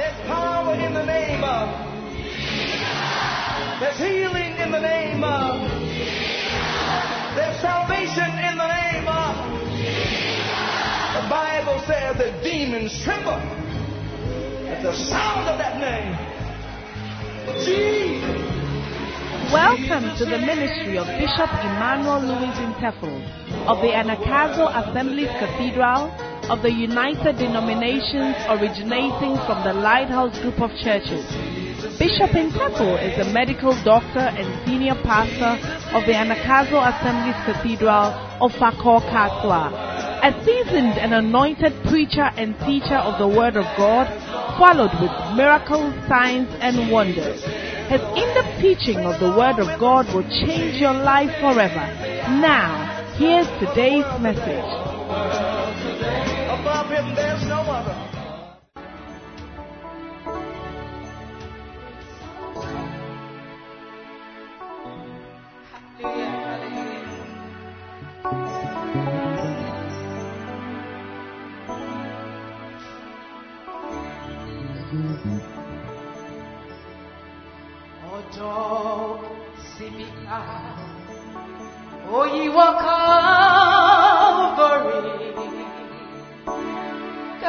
There's power in the name of. There's healing in the name of. There's salvation in the name of. The Bible says that demons tremble at the sound of that name. Jesus. Welcome to the ministry of Bishop Emmanuel Louis Intefel of the Anakazo Assemblies Cathedral of the United Denominations originating from the Lighthouse Group of Churches. Bishop Intepo is a medical doctor and senior pastor of the Anakazo Assemblies Cathedral of Fakor Katwa. A seasoned and anointed preacher and teacher of the Word of God, followed with miracles, signs, and wonders. His in-depth teaching of the Word of God will change your life forever. Now, here's today's message him, there's no other. Ah. Oh, you are covering.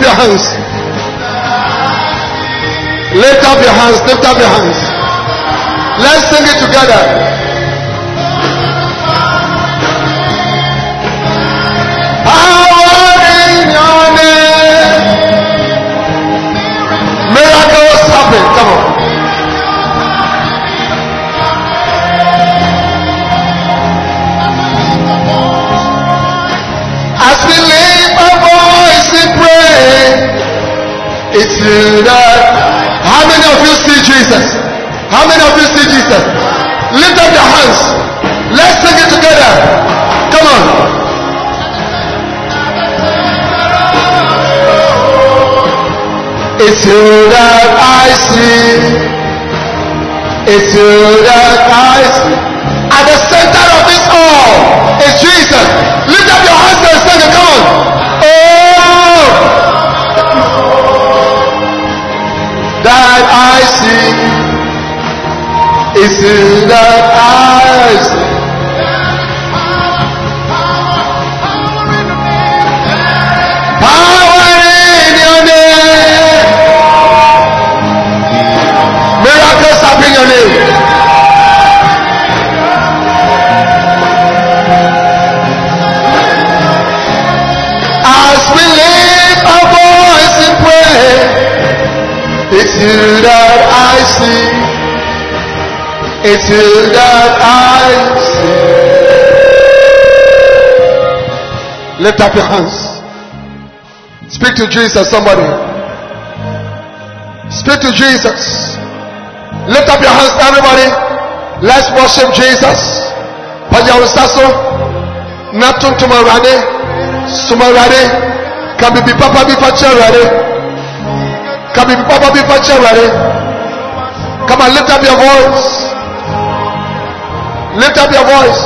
up your hands. Lift up your hands. Lift up your hands. Let's sing it together. Jesus, somebody. Speak to Jesus. Lift up your hands, everybody. Let's worship Jesus. Pajawu saso. Natun tumarade. Sumarade. Kabi papa bi kabi Kabibi papa bi facharade. Come on, lift up your voice. Lift up your voice.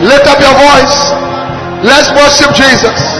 Lift up your voice. Let's worship Jesus.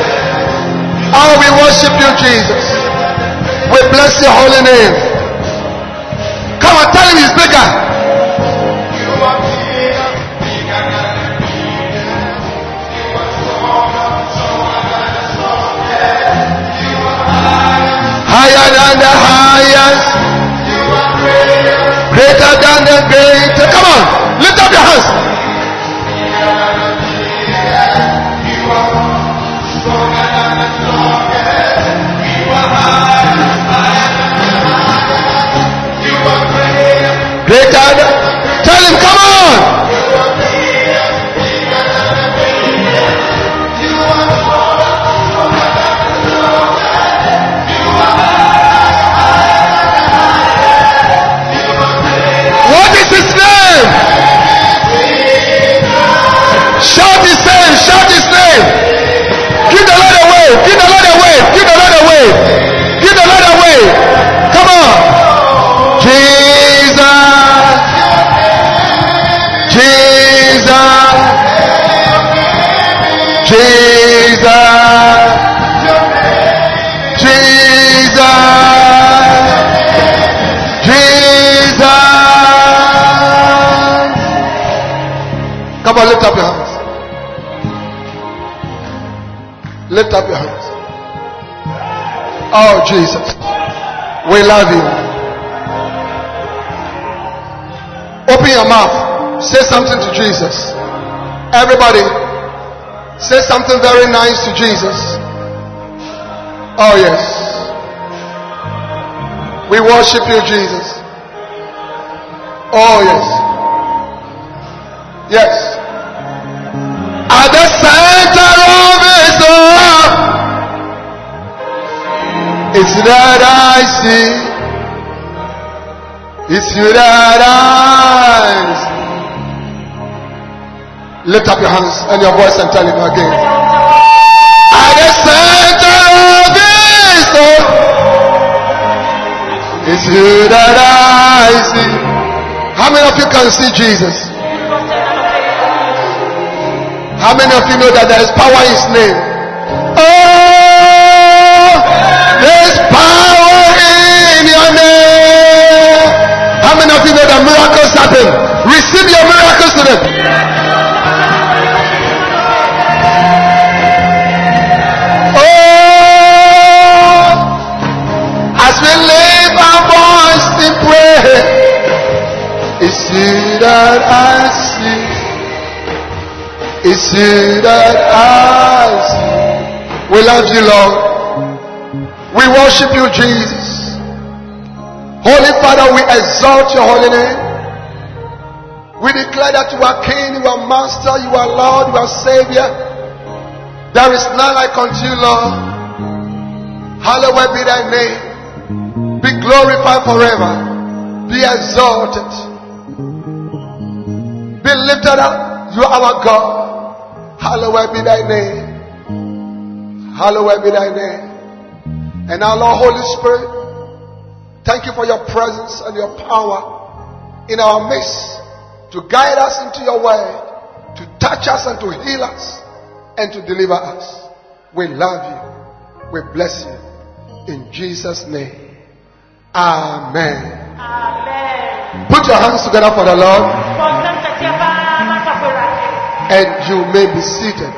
Oh, we worship you, Jesus. We bless your holy name. Come on, tell him he's bigger. Higher than the highest. Greater than the greater. Come on, lift up your hands. lift up your hands. Lift up your hands. Oh, Jesus. We love you. Open your mouth. Say something to Jesus. Everybody, say something very nice to Jesus. Oh, yes. We worship you, Jesus. Oh, yes. It's that I see. It's you that I see. Lift up your hands and your voice and tell him again. At the center of this, oh, it's you that I see. How many of you can see Jesus? How many of you know that there is power in His name? receive your miracles today. Oh, as we lift our voice in prayer, it's you that I see. It's you that I see. We love you, Lord. We worship you, Jesus. Holy Father, we exalt your holy name. Master, you are Lord, you are Savior. There is none like unto you, Lord. Hallowed be thy name. Be glorified forever. Be exalted. Be lifted up. You are our God. Hallowed be thy name. Hallowed be thy name. And our Lord Holy Spirit, thank you for your presence and your power in our midst to guide us into your word to touch us and to heal us and to deliver us. We love you. We bless you. In Jesus' name. Amen. Amen. Put your hands together for the Lord. And you may be seated.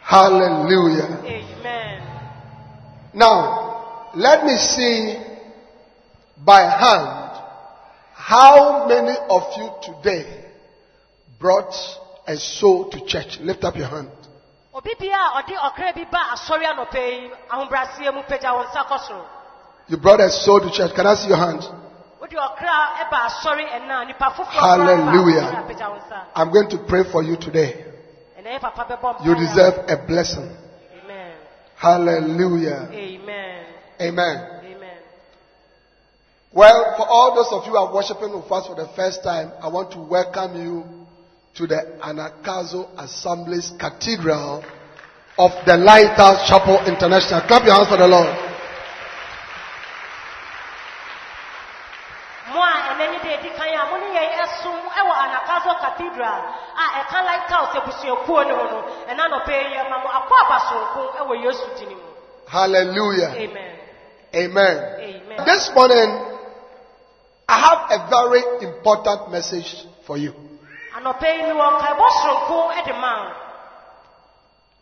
Hallelujah. Amen. Now, let me see by hand how many of you today brought a soul to church? Lift up your hand. You brought a soul to church. Can I see your hand? Hallelujah. I'm going to pray for you today. You deserve a blessing. Amen. Hallelujah. Amen. Amen. Well, for all those of you who are worshiping with us for the first time, I want to welcome you to the Anakazo Assemblies Cathedral of the Lighthouse Chapel International. Clap your hands for the Lord. Ah, Hallelujah. Amen. Amen. Amen. This morning, I have a very important message for you.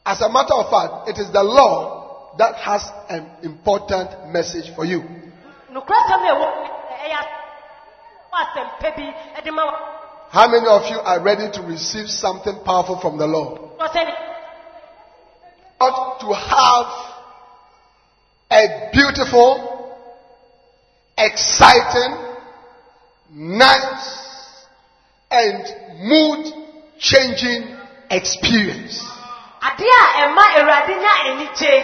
As a matter of fact, it is the law that has an important message for you. How many of you are ready to receive something powerful from the Lord? Ought to have a beautiful, exciting, night and mood changing experience. Ade a ɛma nya anigye,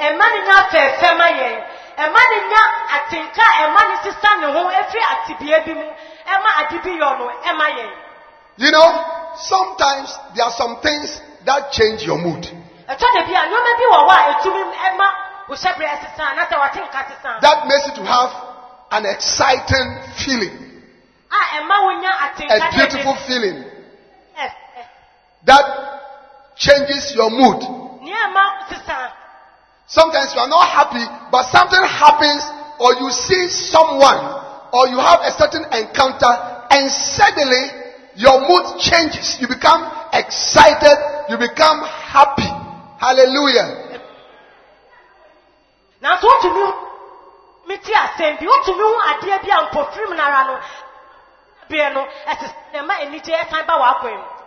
ɛma ne nya fɛɛfɛ ma yɛn, ɛma ne nya atenka ɛma ne sisa ne ho efiri atibea bi mu, ɛma ade bi no ɛma yɛn. You know, sometimes there are some things that change your mood. Ɛtɔ de bi a, nneɛma bi wɔ hɔ etumi ɛma wohyɛ bere ɛsesa anasɛ wɔte nka sesa. That makes you to have an exciting feeling a beautiful feeling that changes your mood. Sometimes you are not happy, but something happens, or you see someone, or you have a certain encounter, and suddenly your mood changes. You become excited, you become happy. Hallelujah. Now, so you me, me tia same. You to me, I dear be on perfume, Amen.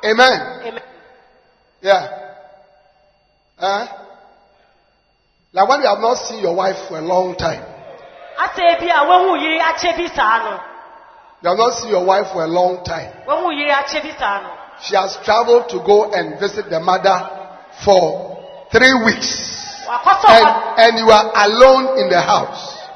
Amen. Yeah. Eh? Like when you have not seen your wife for a long time. You have not seen your wife for a long time. She has traveled to go and visit the mother for three weeks. And, and you are alone in the house.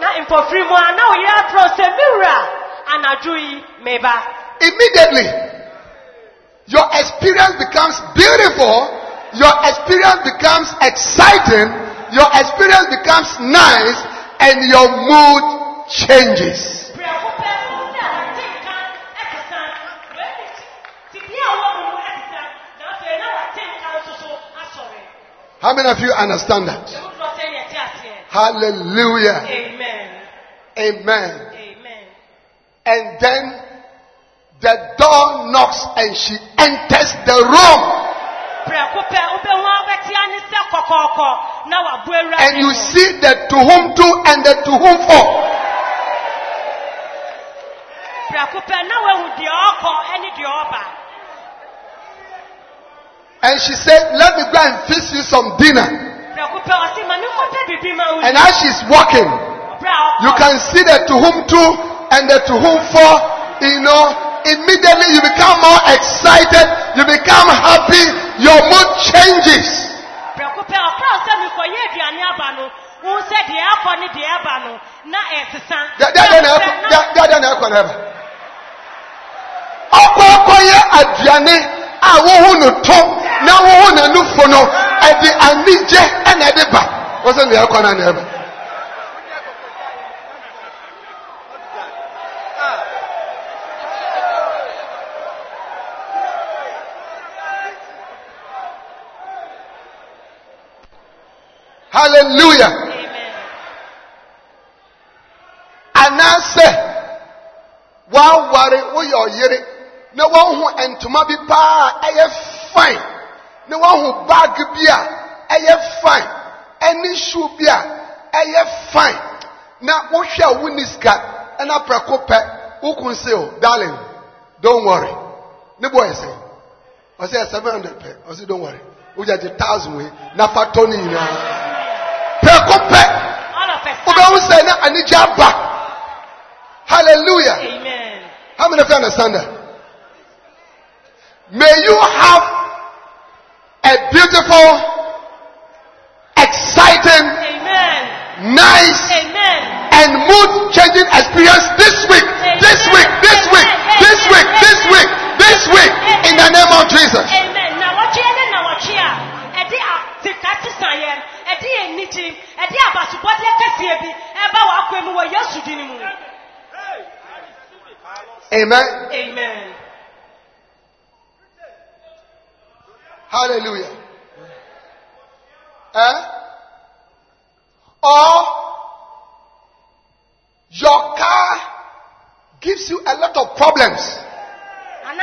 na mu a na yi immediately your experience becomes beautiful your experience becomes exciting your experience becomes nice and your mood changes. How many of you understand that? Hallelujah. Amen. Amen. Amen. And then the door knocks and she enters the room. And you see the to whom to and the to whom for. And she said, Let me go and fix you some dinner. And as she's walking, oh, you can oh. see the to whom to and the to whom for, you know, immediately you become more excited, you become happy, your mood changes. Ọkọ ọkọ yẹ aduane a wohu no tọ na wohu n'anufo no ɛde anigye ɛna ɛde ba wɔsɛ nea ɛkɔ na nea ɛba hallelujah anaasɛ waware woyɛ ɔyere na woahu ntoma bi paa ɛyɛ fine na wahu bag bi a ɛyɛ fine ɛne shoe bi a ɛyɛ fine na wohwɛ a wonni sika ɛna prɛko pɛ wokun se o darling don't worry ne bɔ ɛsɛ ɔsɛ seven hundred pɛ ɔsɛ don't worry wogya gye thousand wei nafa tɔ ne nyinaa prɛko pɛ wobɛhu sɛ na anigye aba hallelujah Amen. how many of you understand that may you have a beautiful, exciting, Amen. nice, Amen. and mood changing experience this week, Amen. this week, this week, this week, this week, this week, in the name of Jesus. Amen. E e e Amen. Amen. Hallelujah. Eh? Or your car gives you a lot of problems. Eh,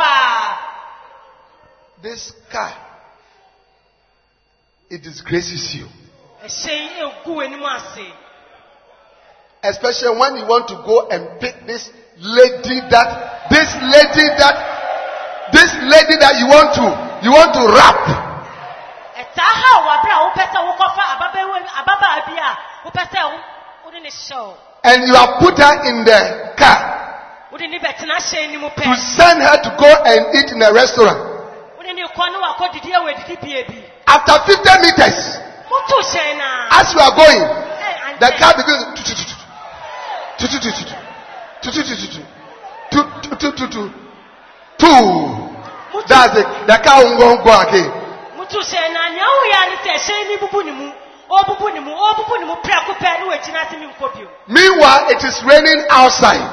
ah. This car, it disgraces you. Eh, Especially when you want to go and pick this lady that, this lady that this lady that you want to you want to rap. ẹ̀tá ha wà bẹ́ẹ̀ àwọn pẹ́sẹ́ wọn kọ́ fún àbábà bí a wọ́n pẹ́sẹ́ wọn ní ní sọ. and you are put her in the car. wọ́n ní níbẹ̀ tí náà ṣe é ní mo pẹ́. to send her to go and eat in a restaurant. wọ́n ní ikọ́ ní kó dìdí ẹ̀wọ̀ èdìdí bíi èbí. after fifty metres. mo tún ṣe é náà. as you are going the car begins to tutututu tutututu tutututu tutututu two. That's it. The cow won't go again. Mutu say na nyawu ya ni te she ni bubu ni mu. O bubu ni mu. O bubu ni mu prako pe ni we jina ti mi nkopio. Meanwhile it is raining outside.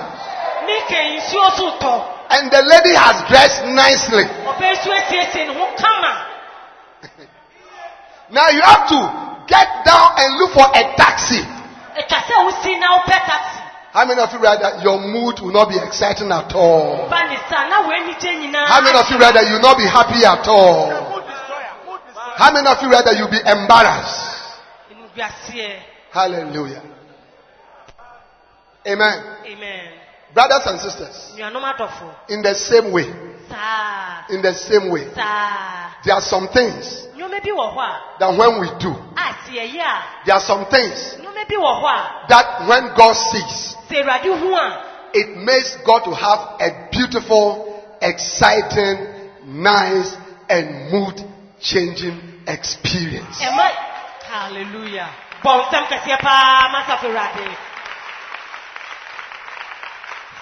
Mi ke nsi o tun And the lady has dressed nicely. Obe su etietie ni ho kama. Now you have to get down and look for a taxi. Ekase wo si na wo pe taxi. How many of you rather your mood will not be exciting at all? How many of you rather you will not be happy at all? How many of you rather you'll be embarrassed? Hallelujah. Amen. Amen. Brothers and sisters, in the same way, in the same way, there are some things that when we do, there are some things that when God sees, It makes God to have a beautiful, exciting, nice, and mood changing experience. Hallelujah.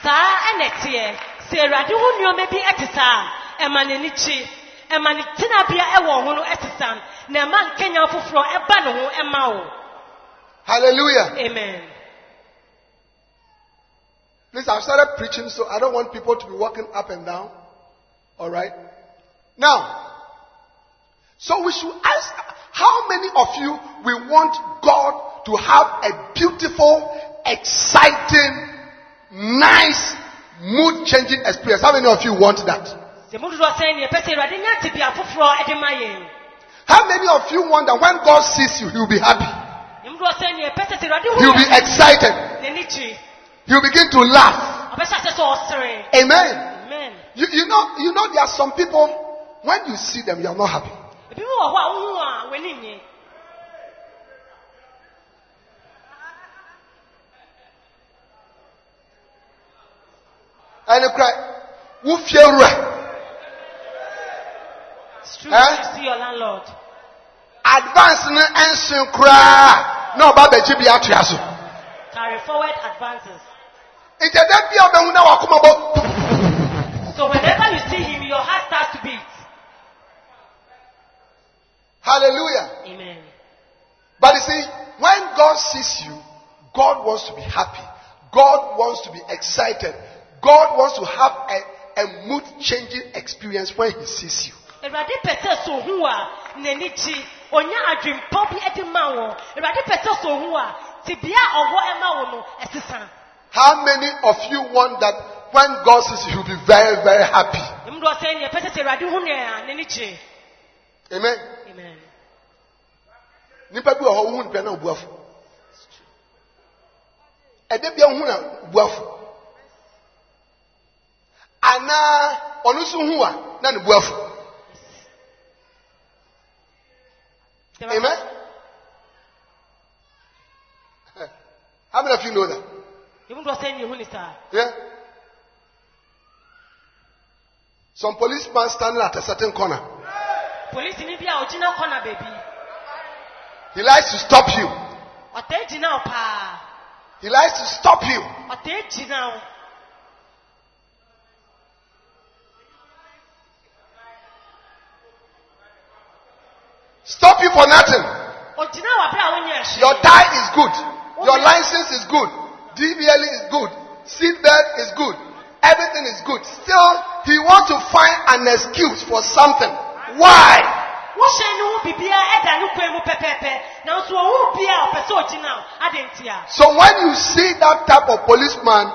saa ɛna teɛ sɛ awurade ho nneɔma bi ɛte saa ɛma n'ani kye ɛma ne tenabea ɛwɔ ho no ɛte saa na ɛma nkanya foforɔ ɛba ne ho ɛma wo hallelujah amen Please, I've started preaching, so I don't want people to be walking up and down. All right? Now, so we should ask how many of you we want God to have a beautiful, exciting, nice, mood changing experience? How many of you want that? How many of you want that when God sees you, he'll be happy? He'll be excited. You begin to laugh. Amen. Amen. You, you know, you know, there are some people when you see them, you are not happy. And you cry, who fear It's true. Eh? You see your landlord. Advance and sin cry. No, Baba Chibi Atriasu carry forward advances. Ìjẹ̀dẹ̀ bí ọbẹ̀ hun náà wà kó bọ́. So whenever you see him, your heart starts to beat. Hallelujah. Amen. But you see, when God sees you, God wants to be happy. God wants to be excited. God wants to have a, a mood changing experience when He sees you. Awurade pɛ sɛ so hu a n'ani gye, onya adwimpɔ bi de ma wɔn. Awurade pɛ How many of you want that when God sees you, you'll be very, very happy? Amen. nipa bi wɔ hɔ ohun pɛ na obuafo ɛdɛ bi ohun na obuafo anaa ɔno nso hu a na ne buafo amen. How many of you know that? Even was saying you Yeah. Some policeman standing at a certain corner. Police in India, original corner, baby. He likes to stop you. He likes to stop you. Stop you for nothing. Your tie is good. Your license is good. DBL e is good. Seatbelt is good. Everything is good. Still, he wants to find an excuse for something. Why? So when you see that type of policeman,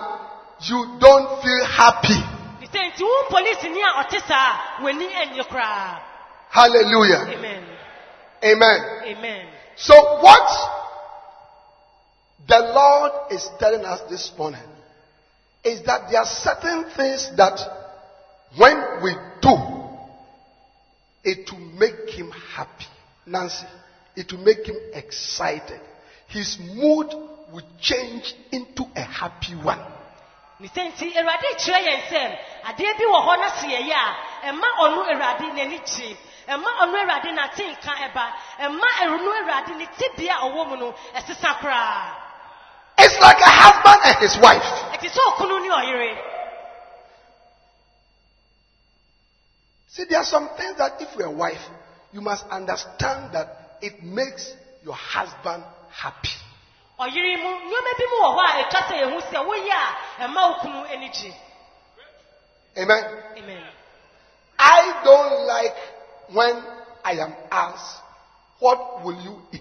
you don't feel happy. Hallelujah. Amen. Amen. Amen. So what the Lord is telling us this morning is that there are certain things that when we do, it will make him happy. Nancy, it will make him excited. His mood will change into a happy one. It's like a husband and his wife. See, there are some things that if you're a wife, you must understand that it makes your husband happy. Amen. Amen. I don't like when I am asked, What will you eat?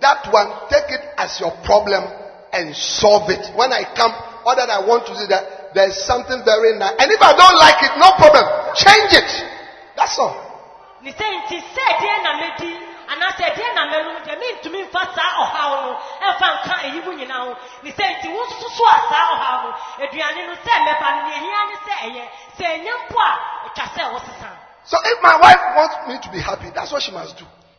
That one, take it as your problem and solve it. When I come, all that I want to see that there's something very nice. And if I don't like it, no problem. Change it. That's all. so if my wife wants me to be happy that's what she must do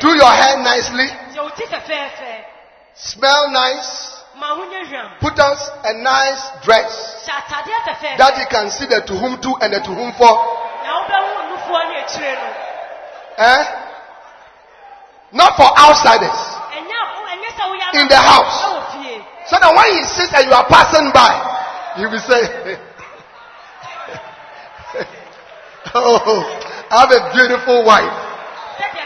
Do your hair nicely. Smell nice. Put on a nice dress that you can see the to whom to and the to whom for. Eh? Not for outsiders. In the house. So that when he sees and you are passing by, he will say, Oh, I have a beautiful wife.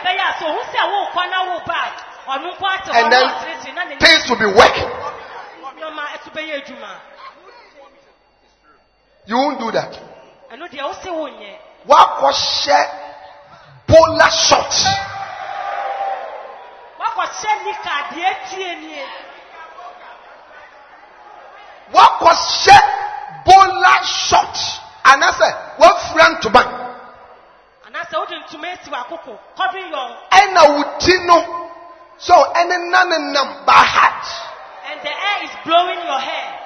And then things will be working. You won't do that. What was she? bola shot. What was she? deɛ tie nie. Wakɔ hyɛ bola shot. Anasɛ wafura ntoma ɛna wo ti no so ɛne na ne nam ba heart. and the air is blowing your hair.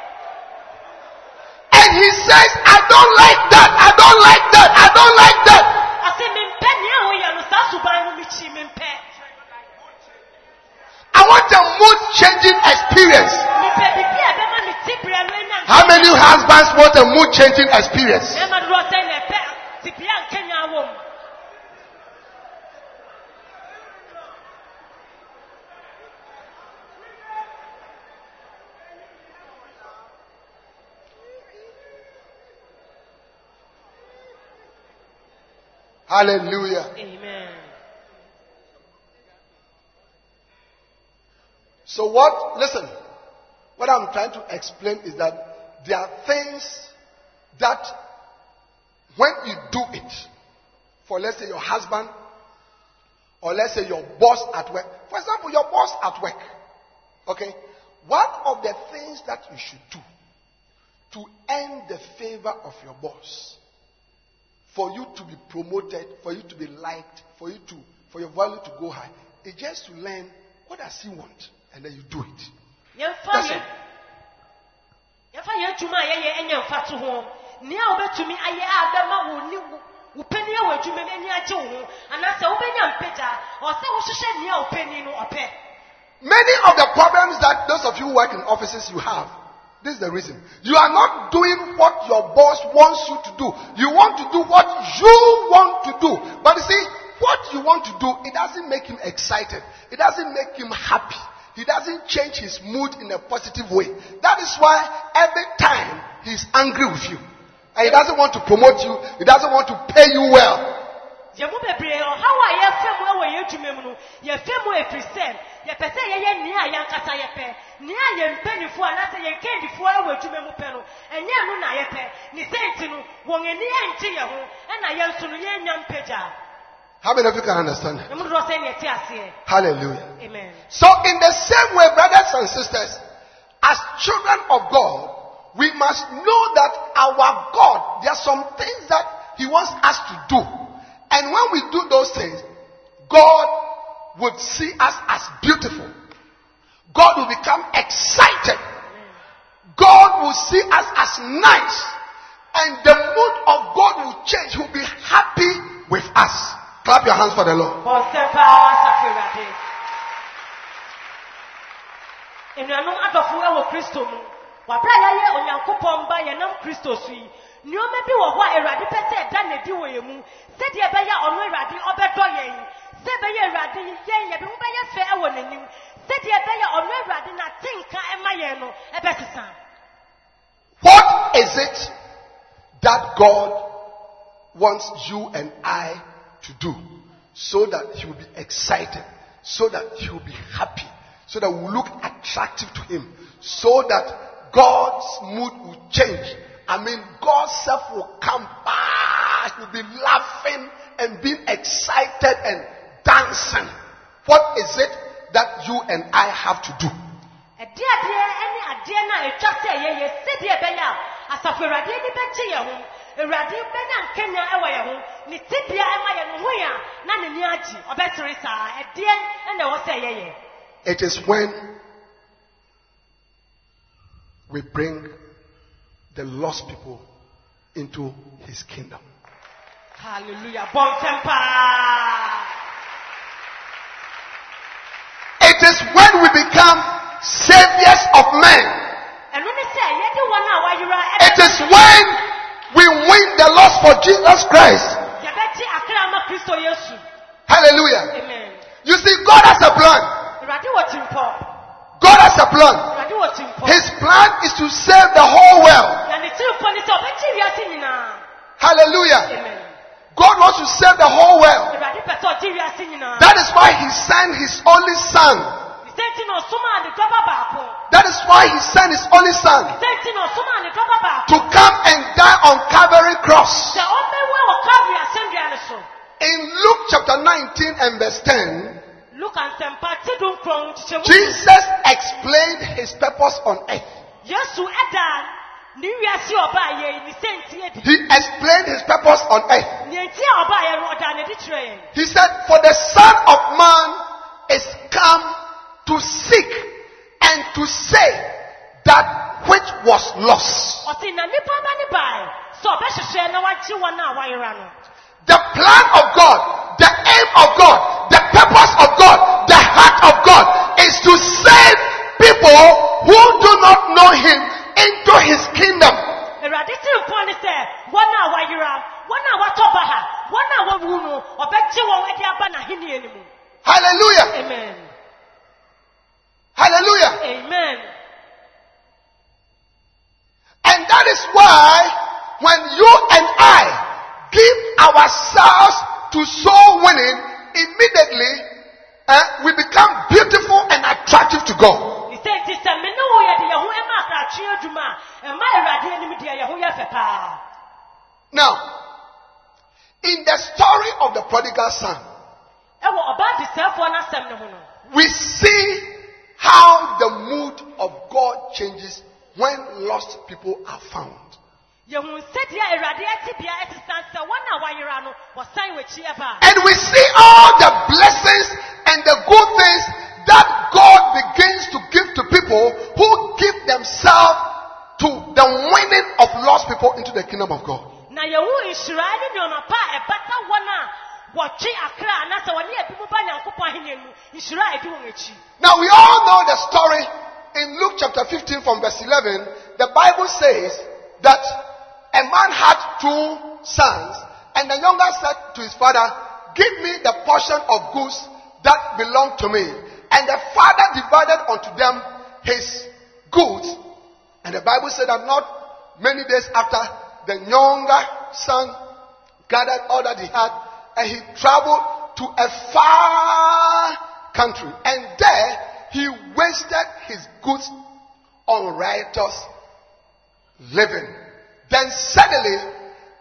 and he says i don't like that i don't like that i don't like that. ase mi mpɛ ni ɛho yɛ no saa suban no mi kyi mi mpɛ. I want a mood changing experience. How many husbands want a mood changing experience? Hallelujah. Amen. So what, listen, what I'm trying to explain is that there are things that when you do it, for let's say your husband, or let's say your boss at work, for example, your boss at work, okay, one of the things that you should do to earn the favor of your boss for you to be promoted, for you to be liked, for you to for your value to go high. It's just to learn what does he want, and then you do it. many of the problems that those of you who work in offices you have This is the reason. You are not doing what your boss wants you to do. You want to do what you want to do. But you see, what you want to do, it doesn't make him excited. It doesn't make him happy. He doesn't change his mood in a positive way. That is why every time he's angry with you. And he doesn't want to promote you. He doesn't want to pay you well yɛ mu bebree ɔhaw a yɛfɛ mu wɔ yɛn dwuma mu no yɛfɛ mu efiri sɛ yɛpɛ sɛ yɛyɛ nea yɛnkasa yɛpɛ nea yɛn mpanyinfoɔ anaasɛ yɛn kɛndifoɔ ɛwɔ dwuma mu pɛ no ɛnyɛ no na yɛpɛ ne sɛnti no wɔn ani ɛnti yɛn ho ɛna yɛn nso no yɛn nya mpagya. How many of you can understand that? Hallelujah. Amen. So, in the same way, brothers and sisters, as children of God, we must know that our God, there are some things that He wants us to do. And when we do those things, God would see us as beautiful. God will become excited. God will see us as nice. And the mood of God will change. He'll be happy with us. Clap your hands for the Lord. What is it that God wants you and I to do so that He will be excited, so that He will be happy, so that we look attractive to Him, so that God's mood will change? I mean, God's self will come back. You'll be laughing and being excited and dancing. What is it that you and I have to do? It is when we bring the lost people into his kingdom. Hallelujah. Bon it is when we become saviors of men. It is when we win the lost for Jesus Christ. Hallelujah. Amen. You see, God has a plan. God has a plan. His plan is to save the whole world. Hallelujah. Amen. God wants to save the whole world. That is why He sent His only Son. That is why He sent His only Son to come and die on Calvary cross. In Luke chapter 19 and verse 10, Jesus explained His purpose on earth. He explained his purpose on earth. He said, For the Son of Man is come to seek and to save that which was lost. The plan of God, the aim of God, the purpose of God, the heart of God is to save people who do not know Him his kingdom. Hallelujah. Amen. Hallelujah. Amen. And that is why when you and I give ourselves to soul winning, immediately uh, we become beautiful and attractive to God sɛ me ne wo ɛma adwuma a ɛma awurade anim deɛ yɛ fɛ paa now in the story of the prodigal son ɛwɔ ne ho no we see how the mood of God changes when lost people are found. And we see all the blessings and the good things that God begins to give to people who give themselves to the winning of lost people into the kingdom of God. Now we all know the story in Luke chapter 15 from verse 11. The Bible says that a man had two sons, and the younger said to his father, Give me the portion of goods that belong to me. And the father divided unto them his goods. And the Bible said that not many days after, the younger son gathered all that he had and he traveled to a far country. And there he wasted his goods on riotous living. Then suddenly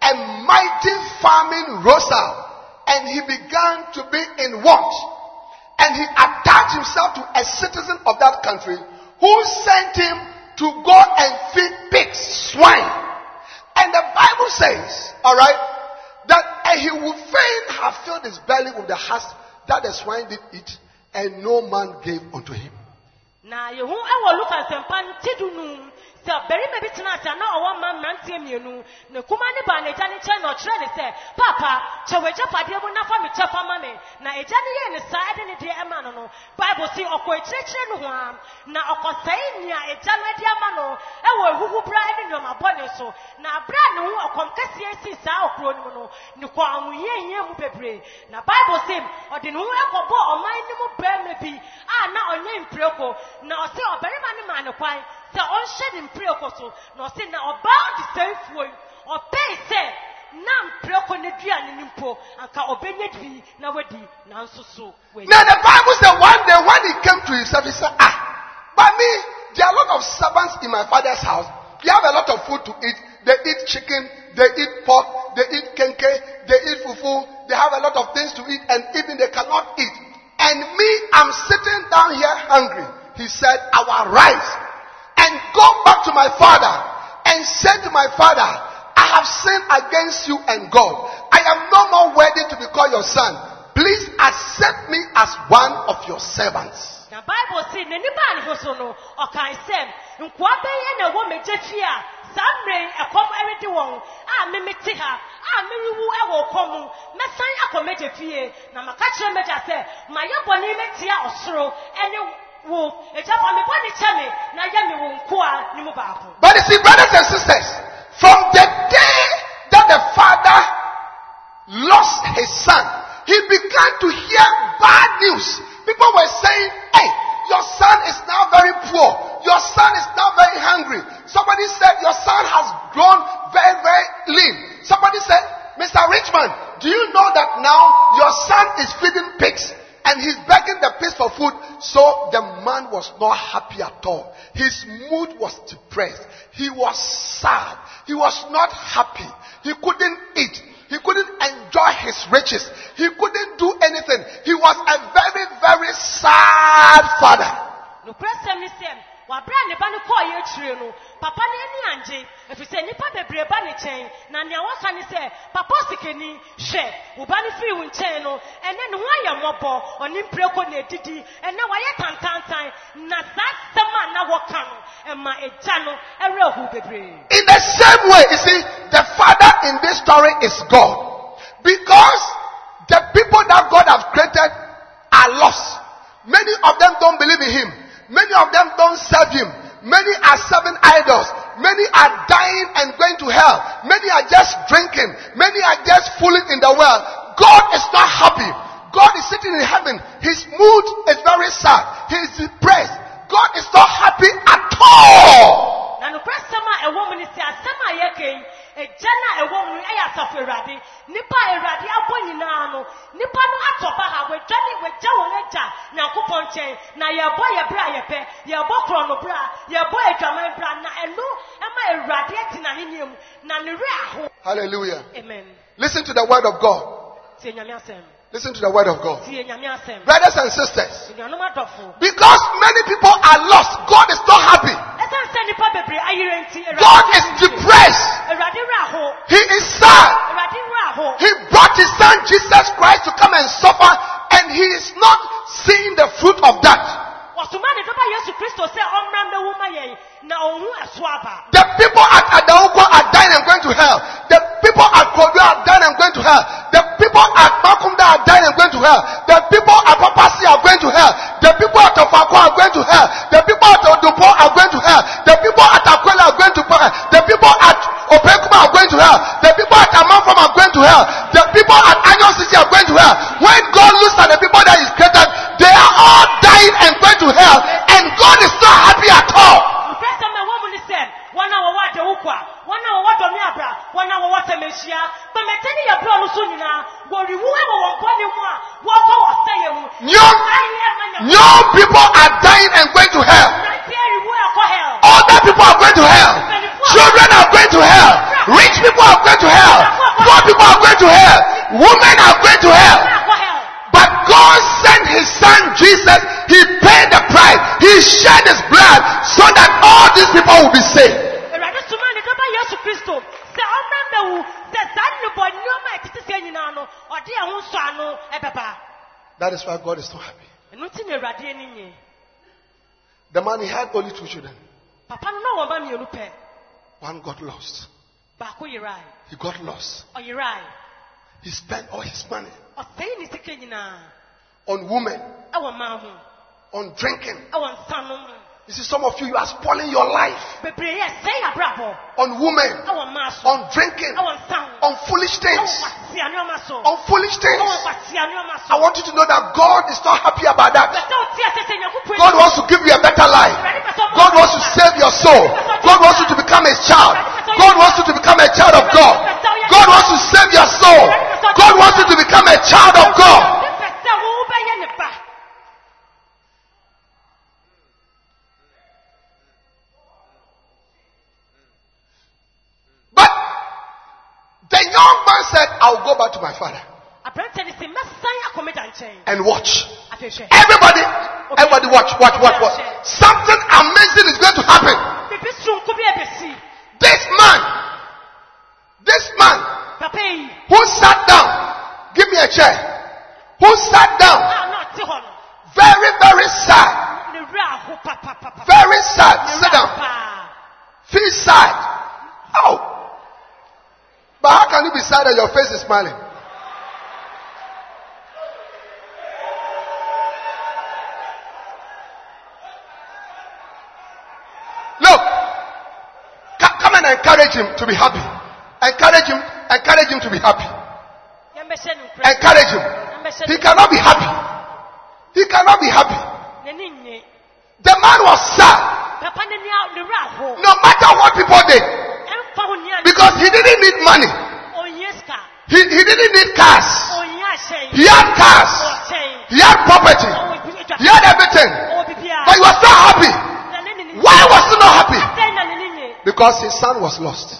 a mighty famine rose up and he began to be in want. And he attached himself to a citizen of that country who sent him to go and feed pigs, swine. And the Bible says, all right, that and he would fain have filled his belly with the husk that the swine did eat, and no man gave unto him. sɛ barima bi tena ase a na ɔwɔ mma mmeranteɛ mmienu ne kuma ne baa n'agya ne nkyɛn na ɔkyerɛ ne sɛ papa kyɛ agyapadeɛ mu nafa me kyɛfa ma na agya no yɛɛ ne saa de ne deɛ ɛma no no bible ɔkɔ akyirɛkyirɛ no ho na ɔkɔsɛe nea agya no ama no ɛwɔ ahuhu bra ne na aberɛ a ne ho ɔkɔm kɛseɛ saa ɔkuro no mu no ne kɔ ahohiahia mu na bible si, ɔde ne ho ɛkɔbɔɔ sɛ ɔnhyɛ ne mprɛko so na ɔse na ɔbaa de sɛn fuo yi ɔpɛe sɛ na mprɛko no duane no mpo anka ɔbɛnya dii na wadi nanso so na the bible said one day when he came to his service said, ah but me there are a lot of servants in my father's house they have a lot of food to eat they eat chicken they eat pork they eat kenke they eat fufu they have a lot of things to eat and even they cannot eat and me i'm sitting down here hungry he said Our rice and gone back to my father and said to my father, I have sinned against you and God. I am no more worthy to be called your son. Please accept me as one of your servants. na bible si na nipa anifo so no ɔkan sɛm nkoa bɛyɛ na ɛwɔ megye a saa mmerɛ ɛkɔm ɛredi wɔn a mimi te ha a miriwu ɛwɔ kɔn mu mɛsan akɔ megye na maka kyerɛ megya sɛ ma yɛ bɔ ne metia ɔsoro ɛne But you see, brothers and sisters, from the day that the father lost his son, he began to hear bad news. People were saying, Hey, your son is now very poor. Your son is now very hungry. Somebody said, Your son has grown very, very lean. Somebody said, Mr. Richmond, do you know that now your son is feeding pigs? and he's begging the piece for food. So the man was not happy at all. His mood was depressed. He was sad. He was not happy. He couldn't eat. He couldn't enjoy his riches. He couldn't do anything. He was a very, very sad father. wabra ne ba no kɔɔ yɛ akyire no papa no ani angye ɛfiri sɛ bebree ba ne nkyɛn na nea waka ne sɛ papa sikani hwɛ wo no firi wo nkyɛn no ɛnɛ ne ho ayɛ mmɔbɔ ɔne mpreko na ɛdidi ɛnɛ wayɛ tantantan na saa sɛm a na wɔka no ɛma agya no ɛwerɛ bebree in the same way you see the father in this story is god because the people that god have created are lost many of them don't believe in him Many of them don't serve Him. Many are serving idols. Many are dying and going to hell. Many are just drinking. Many are just fooling in the world. God is not happy. God is sitting in heaven. His mood is very sad. He is depressed. God is not happy at all. ɛgya no a ɛwɔ mu ɛyɛ asafo awurade nnipa a awurade abɔ nyinaa no nnipa no atɔ ba ha wɔagya wɔagya wɔn agya nyankopɔn nkyɛn na yɛbɔ yɛ berɛ a yɛpɛ yɛbɔ korɔno berɛ a yɛbɔ adwaman berɛ a na ɛno ɛma awurade mu na ne werɛ hallelujah amen listen to the word of god Listen to the word of God. Brothers and sisters, because many people are lost, God is not happy. God is depressed. He is sad. He brought his son Jesus Christ to come and suffer, and he is not seeing the fruit of that. The people at Adauko are dying and going to hell. The people at Kobe are dying and going to hell. The people at Makumda are dying and going to hell. The people at Papasi are going to hell. The people at Ofako are going to hell. The people at Odupo are going to hell. The people at Akwela are going to hell. The people at Opekuma are going to hell. The people at Amanfam are going to hell. The people at Anyon City are going to hell. When God looks at the people that is created, they are all dying and going to hell. And God is not happy at all. kwa wana wa wado ni abra wana wa wate meshia ba meteni ya bro so nyina wo riwuwe wo wonko ni mu a wo ko wo seye mu young young people are dying and going to hell older people are going to hell children are going to hell rich people are going to hell poor people are going to hell women are going to hell but God sent his son Jesus he paid the price he shed his blood so that all these people will be saved bɛwu sɛ saa nnubɔ nneɛma a ɛtete sɛ nyinaa no ɔde eh, ɛho nsɔ ano ɛbɛba. that is why God is so happy. ɛnu ti na awurade ani nye. the man he had only two children. papa no na wɔn ba mmienu pɛ. one got lost. baako oh, yerae. he got lost. ɔyerae. Oh, he spent all his money. ɔsɛn ne sika nyinaa. on women. ɛwɔ maa ho. on drinking. ɛwɔ nsa nom. You see, some of you, you are spoiling your life on women, on drinking, on foolish things. On foolish things. I want you to know that God is not happy about that. God wants to give you a better life. God wants to save your soul. God wants you to become a child. God wants you to become a child of God. God wants to save your soul. God wants you to become a child of God. I'll go back to my father. And watch. Everybody, everybody watch, watch, watch, watch. Something amazing is going to happen. This man, this man who sat down, give me a chair, who that your face is smiling. Look, C- come and encourage him to be happy. Encourage him, encourage him to be happy. Encourage him. He cannot be happy. He cannot be happy. The man was sad. No matter what people did, because he didn't need money. He, he didn't need cars. He had cars. He had property. Oh, he had everything. Oh, but he was not happy. Why was he not happy? Because his son was lost.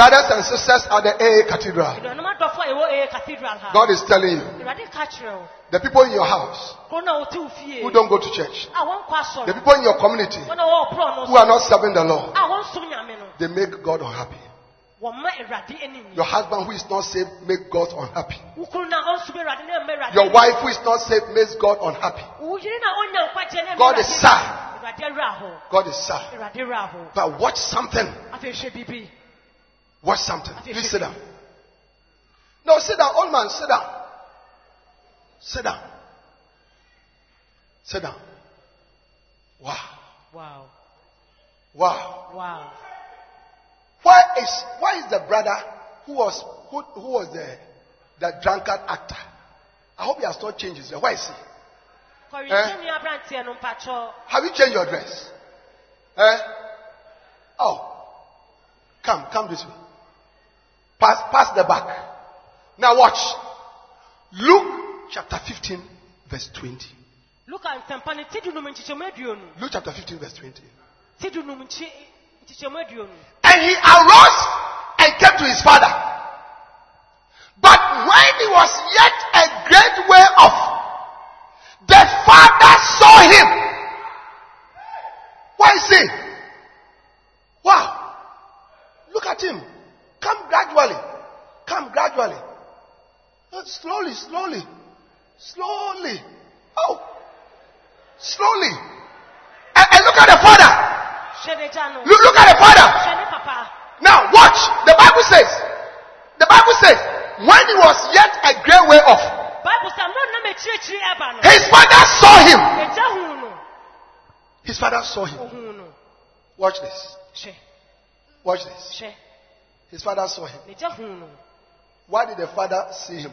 Brothers and sisters at the AA Cathedral. God is telling you. The people in your house who don't go to church. The people in your community who are not serving the Lord. They make God unhappy. Your husband who is not saved makes God unhappy. Your wife who is not saved makes God unhappy. God is sad. God is sad. But watch something. Watch something. Please sit down. No, sit down, old man, sit down. Sit down. Sit down. Wow. Wow. Wow. Wow. Why is why is the brother who was who, who was the the drunkard actor? I hope he has not changed his dress. Why is he? Eh? Have you changed your dress? Eh? Oh, come, come this way. Pass, pass the back. Now watch. Luke chapter 15, verse 20. Luke chapter 15, verse 20. And he arose and came to his father. But when he was yet a great way off, the father saw him slowly, slowly, slowly. Oh, slowly. And, and look at the father. Look, look at the father. Now, watch. The Bible says, the Bible says, when he was yet a great way off, his father saw him. His father saw him. Watch this. Watch this. His father saw him. Why did the father see him?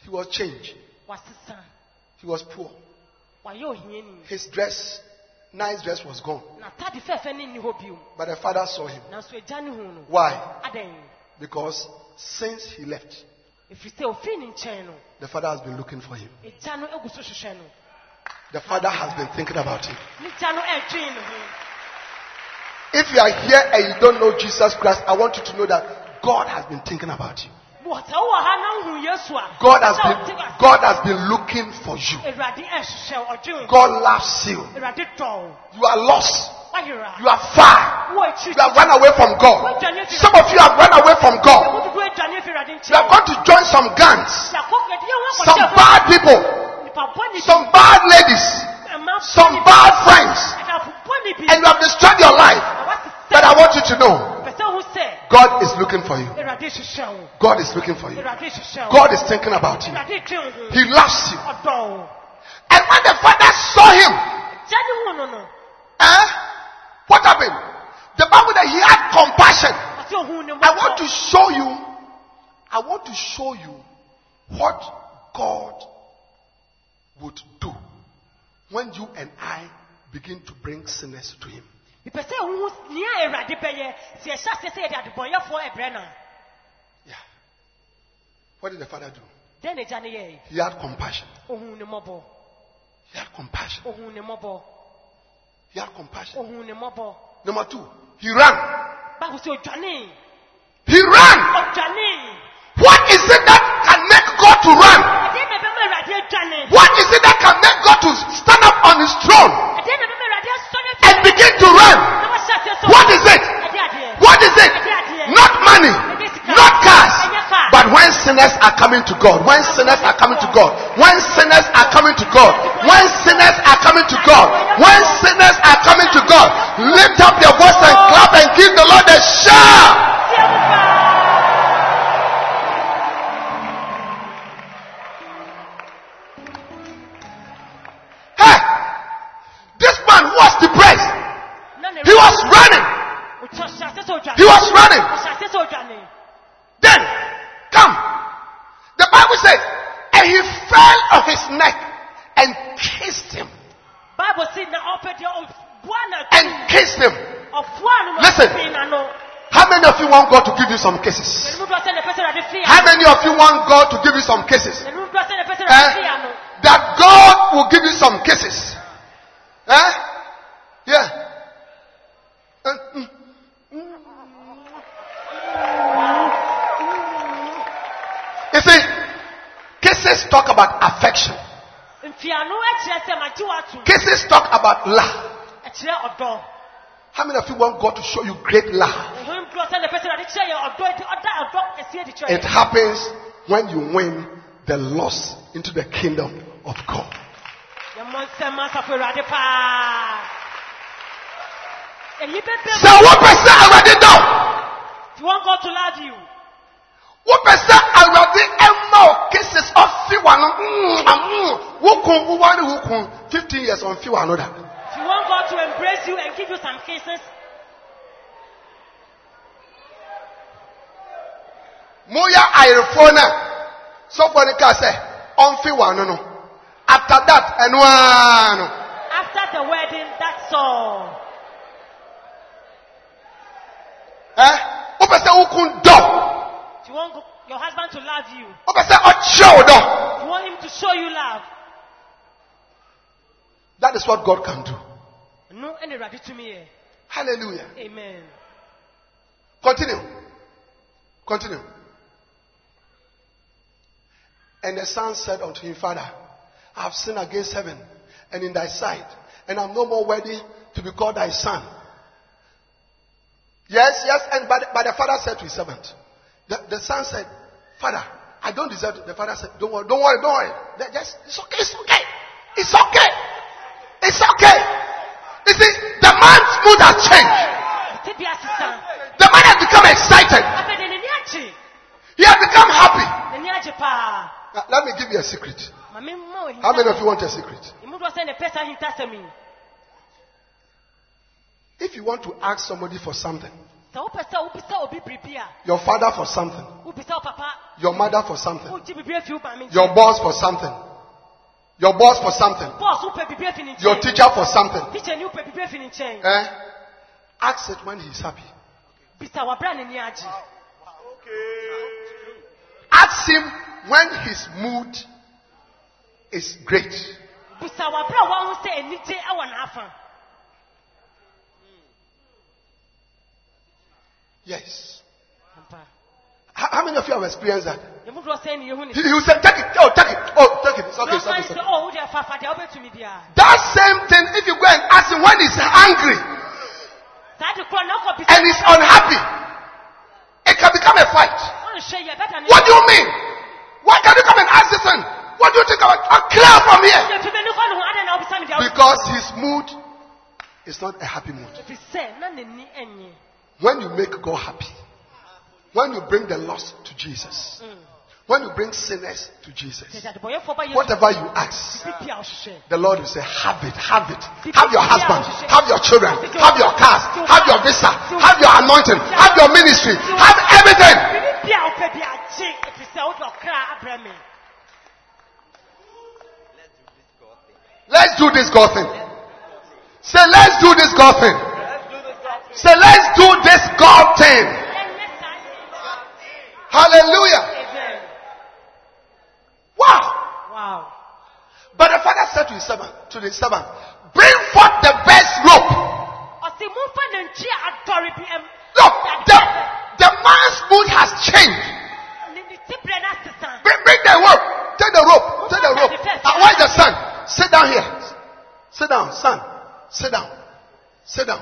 He was changed. He was poor. His dress, nice dress, was gone. But the father saw him. Why? Because since he left, the father has been looking for him. The father has been thinking about him. If you are here and you don't know Jesus Christ, I want you to know that God has been thinking about you. God has, been, God has been looking for you. God loves you. You are lost. You are far. You have run away from God. Some of you have run away from God. You have gone to join some gangs, some bad people, some bad ladies, some bad friends, and you have destroyed your life. But I want you to know God is looking for you. God is looking for you. God is thinking about you. He loves you. And when the father saw him, eh, what happened? The Bible that he had compassion. I want to show you, I want to show you what God would do when you and I begin to bring sinners to him. ìpè sẹ ohun ní ẹwurade bẹyẹ tí ẹ ṣàṣẹ sẹ ẹdí àdìbọnyẹfọ ẹbrẹ náà. yeah what did the father do. then ẹja ni yẹ. he had compassion. ohun ni mo bọ. he had compassion. ohun ni mo bọ. he had compassion. ohun ni mo bọ. number two he ran. báwo ṣe ọjọ́ ni. he ran. ọjọ́ ni. what is it that can make God to run? ẹ̀dẹ́ bẹ̀rẹ̀ bẹ̀rẹ̀ ẹ̀dẹ́ ọjọ́ ni. what is it that can make God to stand up on his throne? and begin to run. What is it? What is it? Not money, not cars. But when sinners are coming to God, when sinners are coming to God, when sinners are coming to God, when sinners are coming to God, when sinners are coming to God, lift up your voice and clap and give the Lord a shout. kiss Listen. How many of you want God to give you some kisses? How many of you want God to give you some kisses? Eh? That God will give you some kisses. Eh? Yeah. Eh, mm. You see, kisses talk about affection. Kisses talk about love. How many of you want God to show you great love? It happens when you win the lost into the kingdom of God. So one person already know. If you want God to love you. One person already know cases of few one. Mm, mm, mm. Who can who one who can fifteen years on few another. you want God to embrace you and give you some kisses? Moya Irefona, somebody can say, Onfi Wanono. After that, Enuano. After the wedding, that's all. Eh? Opese ukun do. Do you want your husband to love you? Opese ocho do. Do you want him to show you love? That is what God can do. Eh? Hallelujah. Amen. Continue. Continue. And the son said unto him, Father, I have sinned against heaven and in thy sight, and I'm no more worthy to be called thy son. Yes, yes, and but, but the father said to his servant, the, the son said, Father, I don't deserve it. The father said, Don't worry, don't worry, don't worry. Just, it's okay, it's okay. It's okay. It's okay mood has changed. The man has become excited. He has become happy. Now, let me give you a secret. How many of you want a secret? If you want to ask somebody for something, your father for something, your mother for something, your boss for something, Your boss for something. Boss, pay Your teacher for something. Teacher, pay Eh? Ask it when he he's happy. Wow. Okay. Ask him when his mood is great. E yes. How, many of you have experienced that? He, he will Take it, oh, take it, oh, take it. It's okay, it's okay. It's okay. Oh, that same thing, if you go and ask him when he's angry and he's unhappy, it can become a fight. What do you mean? Why can you come and ask this one? What do you think about? I'll clear from here. Because his mood is not a happy mood. When you make God happy, when you bring the lost to Jesus, mm. when you bring sinners to Jesus, whatever you ask, the Lord will say, Have it, have it. Have your husband, have your children, have your cars, have your visa, have your anointing, have your ministry, have everything. Let's do this God thing. Say, Let's do this God thing. Say, Let's do this God thing. Hallelujah. Wow. Wow. But the father said to his servant, to the servant, bring forth the best rope. Look, the, the man's mood has changed. Bring, bring the rope. Take the rope. Take the rope. And uh, where's the son? Sit down here. Sit down, son. Sit down. Sit down.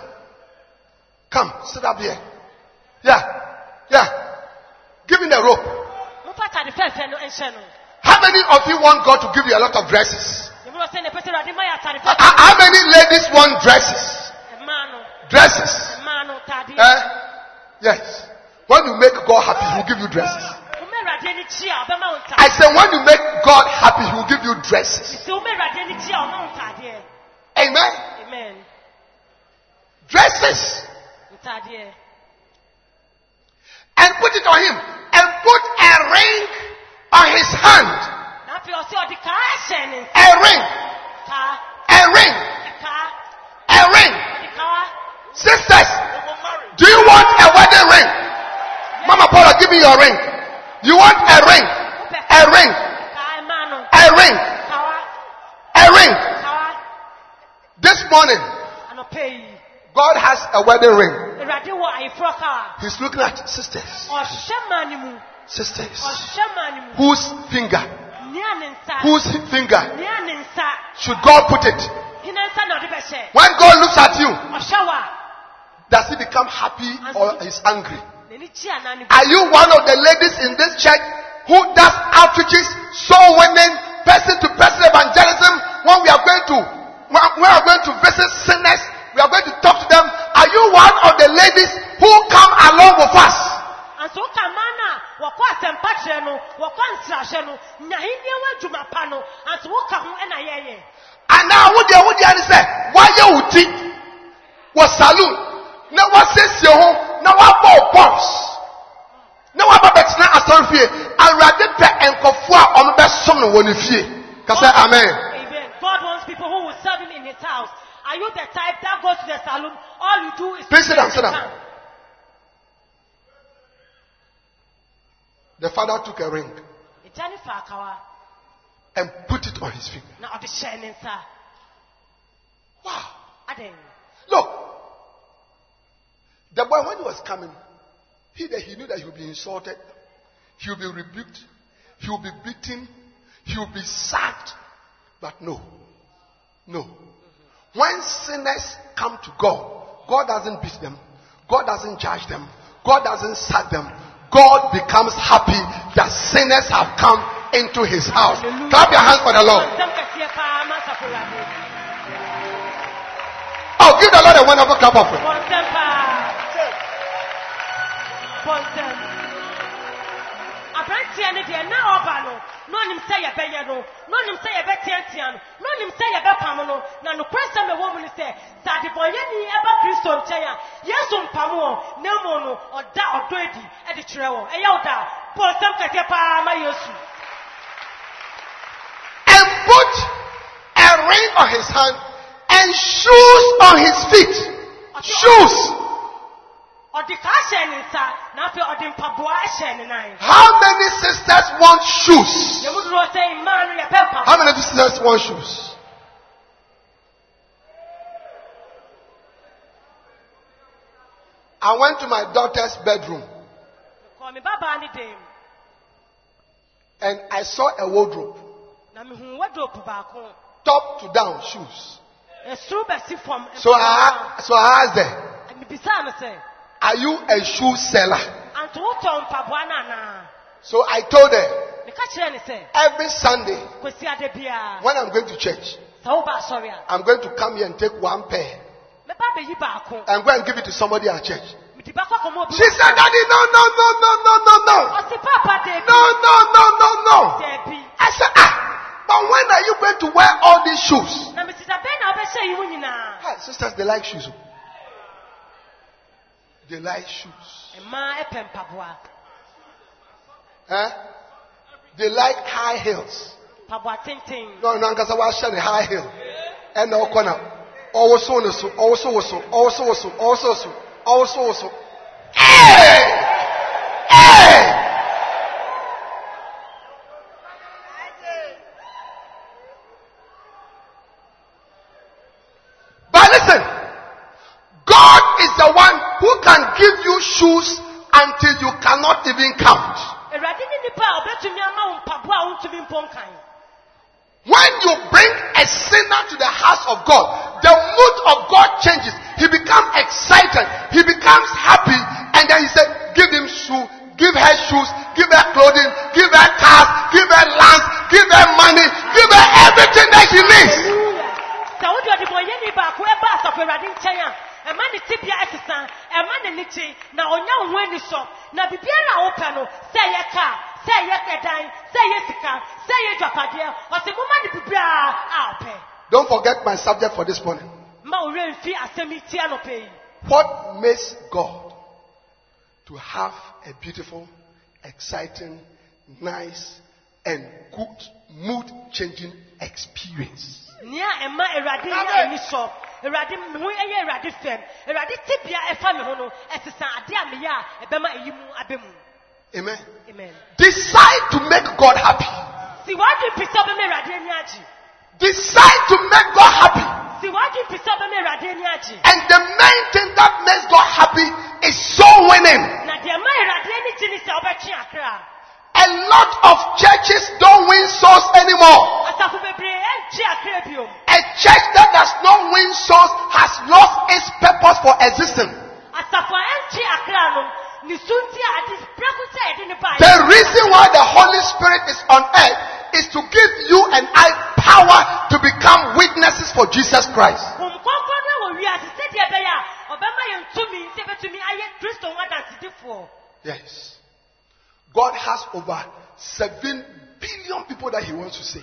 Come, sit up here. Yeah. Yeah. Give him a rope. How many of you want God to give you a lot of dresses? How many ladies want dresses? Dresses. Eh? Yes. When you make God happy, He will give you dresses. I said, when you make God happy, He will give you dresses. Amen. Amen. Dresses. And put it on Him and put a ring on his hand. A ring. A ring. A ring. Sisters, do you want a wedding ring? Mama Paula, give me your ring. You want a ring? A ring. A ring. A ring. This morning, God has a wedding ring. He's looking at sisters. Sisters. Whose finger? Whose finger should God put it? When God looks at you, does he become happy or is angry? Are you one of the ladies in this church who does outreaches, soul women, person to person evangelism when we are going to when we are going to visit sinners, we are going to talk to them are you one of the ladies who come along with us? And mana wɔkɔ asɛmpakyerɛ no wɔkɔ nsirahyɛ no nyahenneɛ wɔ adwuma pa no anso woka ho ɛna yɛyɛ anaa wodeɛ wodeɛ ne sɛ woayɛ wo ti wɔ saloon na woasiesie ho na woabɔ wo bɔns na woaba bɛtena asɔrefie awurade pɛ nkɔfoɔ a amen God wants people who will serve him in his house. Are you the type go to the saloon, all you do is. Please sit down, sit down. The father took a ring and put it on his finger. Wow. Look, the boy, when he was coming, he, he knew that he would be insulted, he would be rebuked, he would be beaten, he would be sacked. But no, no. When sinners come to God, God doesn't beat them, God doesn't judge them, God doesn't sack them. God becomes happy that sinners have come into his house. Hallelujah. Clap your hands for the Lord. Oh, give the Lord a wonderful clap of it. aberanteɛ no deɛ na ɔba no na ɔnim sɛ yɛbɛyɛ no na ɔnim sɛ yɛbɛteatea no na ɔnim sɛ yɛbɛpam no na nokorɛ sɛm ɛwɔ mu no sɛ sɛ ɛba kristo nkyɛn a yesu mpam wɔ na mmom no ɔda ɔdɔ adi de kyerɛ wɔ ɛyɛ wo da bɔ nsɛm kɛseɛ paa ma yesu and put a ring on his hand and shoes on his feet shoes How many sisters want shoes? How many sisters want shoes? I went to my daughter's bedroom. And I saw a wardrobe. Top to down shoes. So I, so I asked her. Are you a shoe seller? So I told her every Sunday when I'm going to church, I'm going to come here and take one pair and go and give it to somebody at church. She said, Daddy, no, no, no, no, no, no, no. No, no, no, no, no. I said, Ah, but when are you going to wear all these shoes? Ah, sisters, they like shoes. They like shoes. Eh? They like high heels. No, no, because I was showing high heel. And no corner. Also, also, also, also, also, also, also, also. Hey! cannot even count. When you bring a sinner to the house of God, the mood of God changes. He becomes excited. He becomes happy. And then he said, give him shoes. give her shoes, give her clothing, give her cars, give her lands, give her money, give her everything that she needs. ɛma ne tibia ɛsesa ɛma n'ani kye na ɔnya ho ani sɔ na biribiara a wopɛ no sɛ ɛyɛ kaa sɛ ɛyɛ ɛdan sɛ ɛyɛ sika sɛ ɛyɛ dwapadeɛ ɔsɛ moma ne biribiara a ɔpɛ don't forget my subject for this morning ma owurɛ mfi asɛm yi tia no pɛ what makes god to have a beautiful exciting nice and good mood changing experience. ní à ẹ̀ má ẹ̀rọ adé ní àyè ní sọ awurade me ho awurade fam awurade tibea ɛfa me ho no ɛsesa ade a meyɛ a ɛbɛma ɛyi mu abɛ mu amen amen decide to make god happy si wadu mpisa ɔbɛma awurade ani agye decide to make god happy si wadu mpisa ɔbɛma awurade ani agye and the main thing that makes god happy is soul winning na deɛ ma awurade ani gye ne sɛ ɔbɛtwe akra a lot of churches don't win souls anymore. A church that does not win souls has lost its purpose for existing. The reason why the Holy Spirit is on earth is to give you and I power to become witnesses for Jesus Christ. Yes. God has over 7 billion people that He wants to save.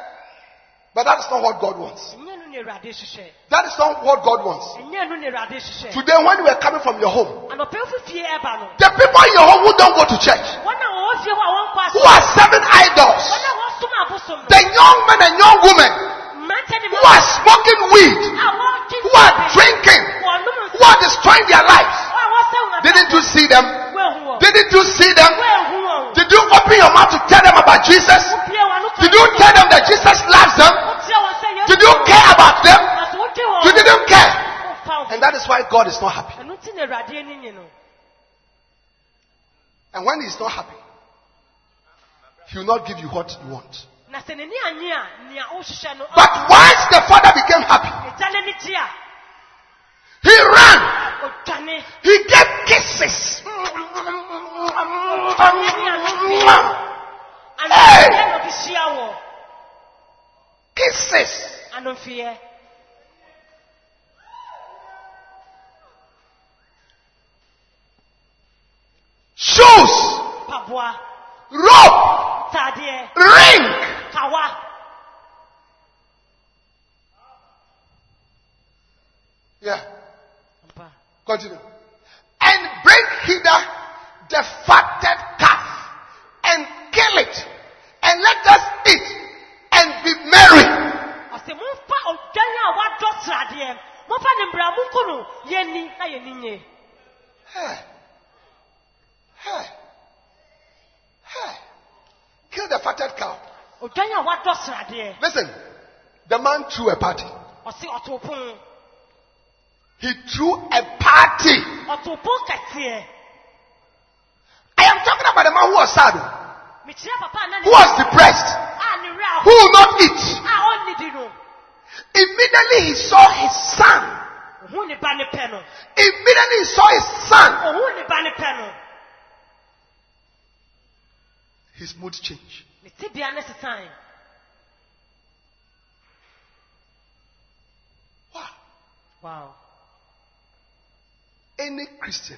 But that's not what God wants. That is not what God wants. Today, when you are coming from your home, the people in your home who don't go to church, who are serving idols, the young men and young women who are smoking weed, who are drinking, who are destroying their lives, didn't you see them? Didn't you see them? Did you open your mouth to tell them about Jesus? Did you tell them that Jesus loves them? Did you care about them? You didn't care. And that is why God is not happy. And when He's not happy, He will not give you what you want. But once the father became happy, he ran. He gave kisses. Hey! Kisses. I don't fear. Shoes. Pabwa. Rope. Tadie. Ring. Kawa. Yeah. Continue. And bring hither the fatted calf and kill it let us eat and be merry. Ọ̀sẹ̀ mú fa ọ̀jọ́ yẹn àwa dọ́tí adìẹ, mú fa ní mbìrà mú kùnú yẹn ní náà yẹn ní yẹn. Kill the fatted cow. Ọ̀jọ́ yẹn àwa dọ́tí adìẹ. Listen, the man threw a party. Ọ̀sẹ̀ ọ̀tún pún. He threw a party. Ọ̀tún pún kẹ̀sì ẹ̀. I am talking about the man who was sad who was depressed, who will not eat. Immediately he saw his son. Immediately he saw his son. His mood changed. Wow. Wow. Any Christian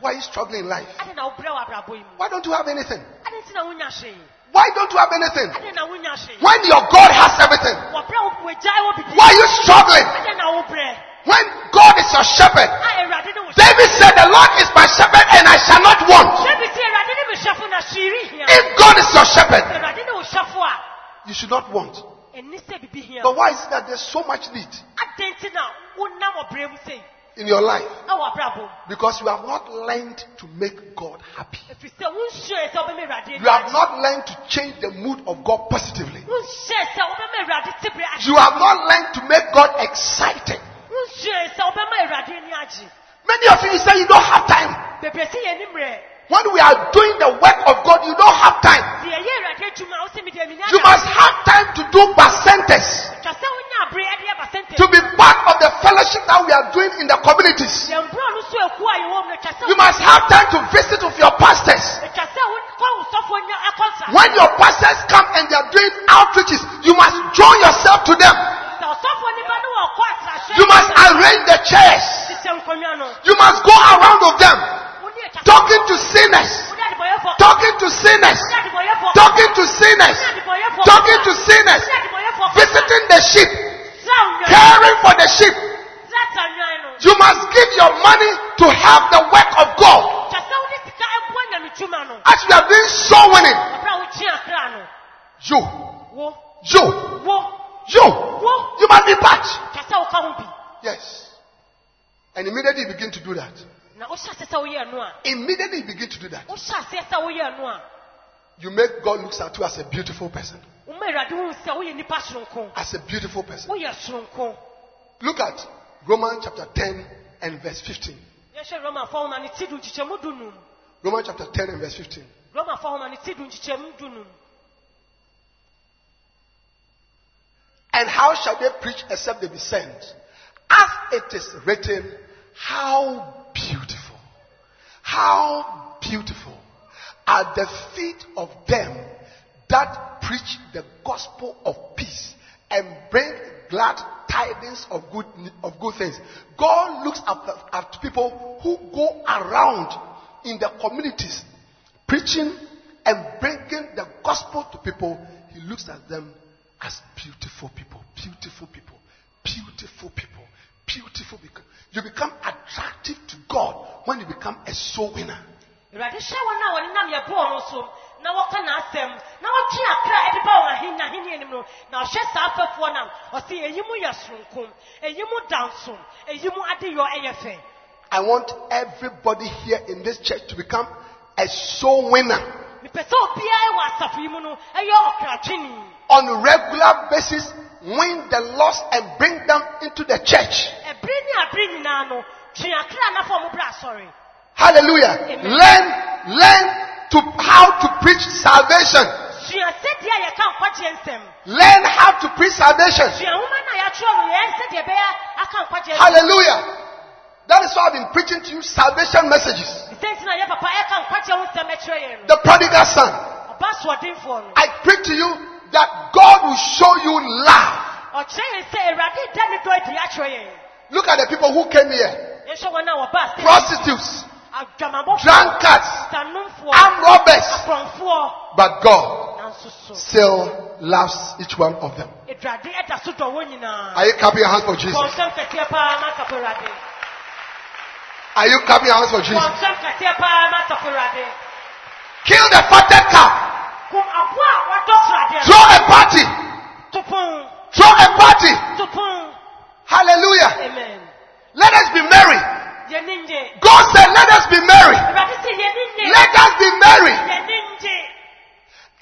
Why are you struggling in life? Why don't you have anything? Why don't you have anything? When your God has everything, why are you struggling? When God is your shepherd, David said, The Lord is my shepherd and I shall not want. If God is your shepherd, you should not want. But why is it that there's so much need? in your life. Because you have not learned to make God happy. You have not learned to change the mood of God positively. You have not learned to make God excited. Many of you say you don't have time. When we are doing the work of God, you don't have time. You must have time to do percentages. To be part of the fellowship that we are doing in the communities. You must have time to visit with your pastors. When your pastors come and they are doing outreaches, you must join yourself to them. You must arrange the chairs. You must go around with them talking to sinners, talking to sinners, talking to sinners, talking to sinners, visiting the sheep, caring for the sheep. You must give your money to have the work of God. As you have been so winning, you, you, you, you must be patched. Yes. And immediately you begin to do that. na o ṣe asesa oyè ẹnu a. immediately you begin to do that. o ṣe asesa oyè ẹnu a. you make God look at you as a beautiful person. o ma ìrọ̀lẹ́ wọn sẹ́ o yẹ nípa sunkún. as a beautiful person. o yẹ sunkún. look at Romans chapter ten and verse fifteen. yẹ ṣe Roman fọwọ́n na ni tí dùn jíjẹ mú dùn nù. Romans chapter ten and verse fifteen. Roman fọwọ́n na ni tí dùn jíjẹ mú dùn nù. And how shall they preach except they be sent? As it is written, how How beautiful are the feet of them that preach the gospel of peace and bring glad tidings of good, of good things. God looks at, at people who go around in the communities preaching and bringing the gospel to people. He looks at them as beautiful people, beautiful people, beautiful people, beautiful people. You become attractive to God when you become a soul winner. I want everybody here in this church to become a soul winner. Eh, on a regular basis, win the lost and bring them into the church. Hallelujah. Amen. Learn, learn to how to preach salvation. Learn how to preach salvation. Hallelujah. That is why I've been preaching to you salvation messages. The prodigal son. I preach to you that God will show you love. Look at the people who came here. Prostitutes, drunkards, armed robbers. But God still loves each one of them. Are you clapping your hands for Jesus? Are you clapping your hands for Jesus? Kill the fatted calf. Throw a party. Throw a party. Hallelujah. Amen. Let us be merry. God said, Let us be merry. Let us be merry.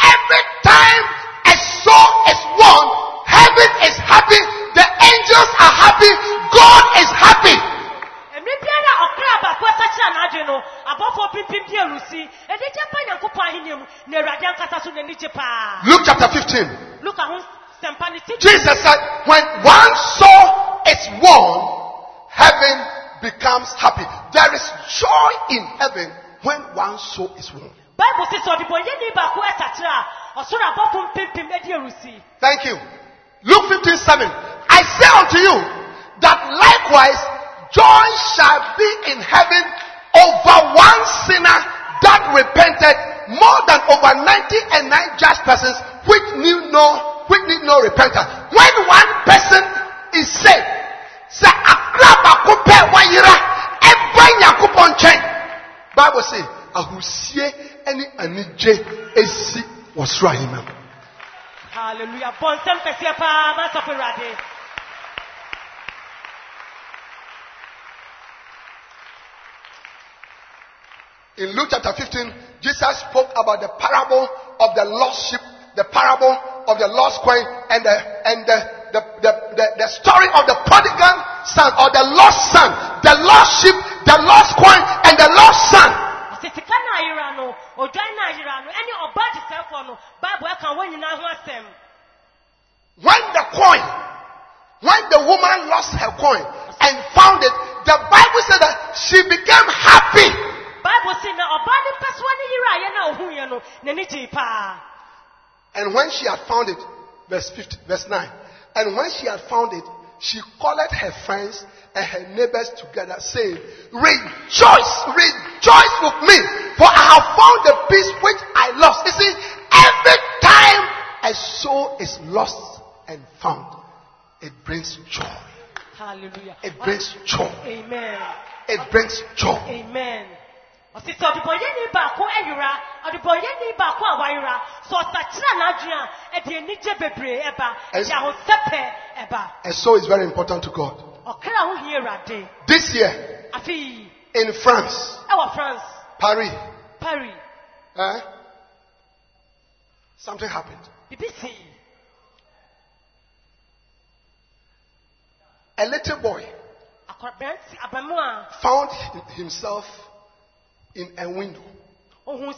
Every time a soul is won, heaven is happy, the angels are happy, God is happy. Luke chapter 15. Luke Jesus said, when one soul is one, heaven becomes happy. There is joy in heaven when one soul is one. Thank you. Luke 15 7. I say unto you that likewise joy shall be in heaven over one sinner that repented more than over 99 just persons which knew no which need no repentance. When one person is saved, say, a Akraba kupe wayira, eba nyakupon chen. Bible say, ahusie any anije esi wasra himem. Hallelujah. Bon sen fesie pa, masopi rade. In Luke chapter 15, Jesus spoke about the parable of the lost sheep, the parable of the lost coin and the and the the, the, the, the story of the prodigal son or the lost son, the lost sheep, the lost coin, and the lost son. When the coin, when the woman lost her coin and found it, the Bible said that she became happy. Bible said, and when she had found it, verse 50, verse 9. And when she had found it, she called her friends and her neighbors together, saying, Rejoice, rejoice with me, for I have found the peace which I lost. You see, every time a soul is lost and found, it brings joy. Hallelujah. It brings joy. Amen. It brings joy. Amen baako baako awayura so bebree and so it's very important to God. this year. afi. in France. France. Paris. Paris. Eh? Something happened. A little boy found himself in a window. You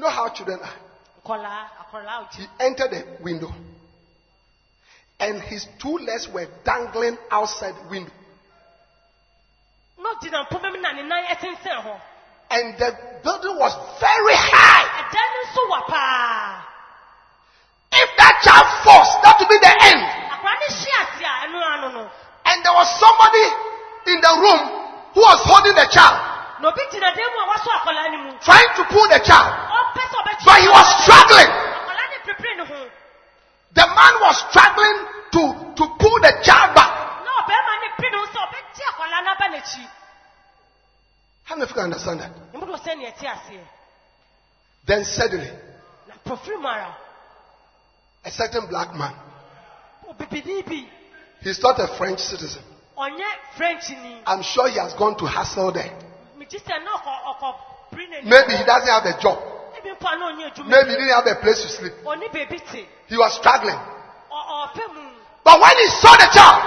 know how children are? He entered the window and his two legs were dangling outside the window. And the building was very high. If that child falls, that would be the end. And there was somebody in the room who was holding the child. Trying to pull the child. But he was struggling. The man was struggling to, to pull the child back. How many of you can understand that? Then suddenly, a certain black man, he's not a French citizen. I'm sure he has gone to hustle there. Maybe he doesn't have a job. Maybe he didn't have a place to sleep. He was struggling. But when he saw the child,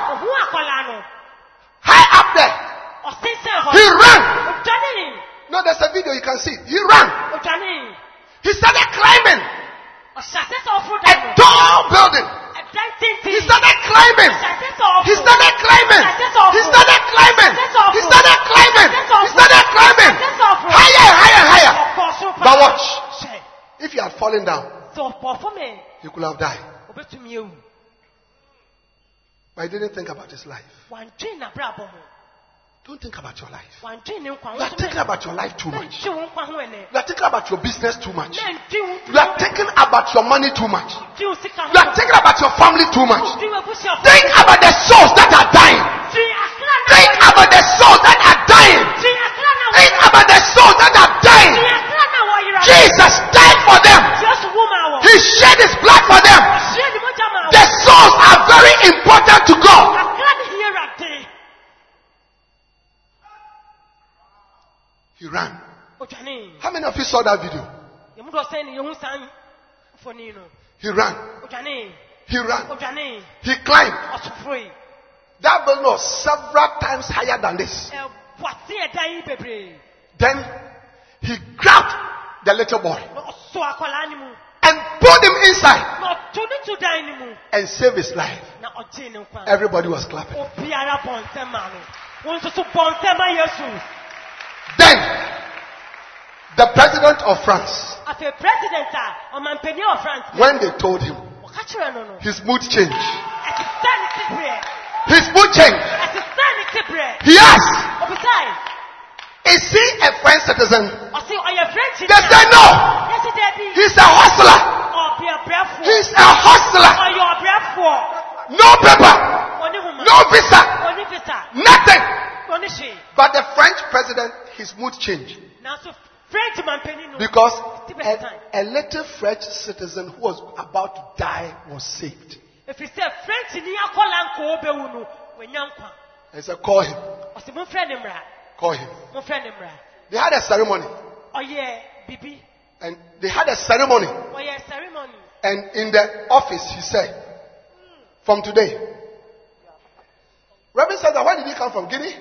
high up there, he ran. No, there's a video you can see. He ran. He started climbing a tall building. He started climbing. He started climbing. He started climbing. He started climbing. He started climbing. Higher, higher, higher. But watch. If you had fallen down, you could have died. Oh. But he didn't think about his life. Don't think about your life. You are thinking about your life too much. You are thinking about your business too much. You are thinking about your money too much. You are thinking about your family too much. Think about the souls that are dying. Think about the souls that are dying. Think about the souls that are dying. Jesus died for them. He shed his blood for them. The souls are very important to God. He ran. How many of you saw that video? He ran. He ran. He climbed. That building was several times higher than this. Then he grabbed the little boy and pulled him inside and saved his life. Everybody was clapping. Then, the president of France, when they told him, his mood changed. His mood changed. He asked, Is he a French citizen? They said no. He's a hustler. He's a hustler. No paper. No visa. Nothing. But the French president, his mood changed. Because a, a little French citizen who was about to die was saved. He said, Call him. Call him. They had a ceremony. Oh yeah, Bibi. And they had a ceremony. Oh yeah, ceremony. And in the office, he said, mm. From today. Reverend said that where did he come from? Guinea?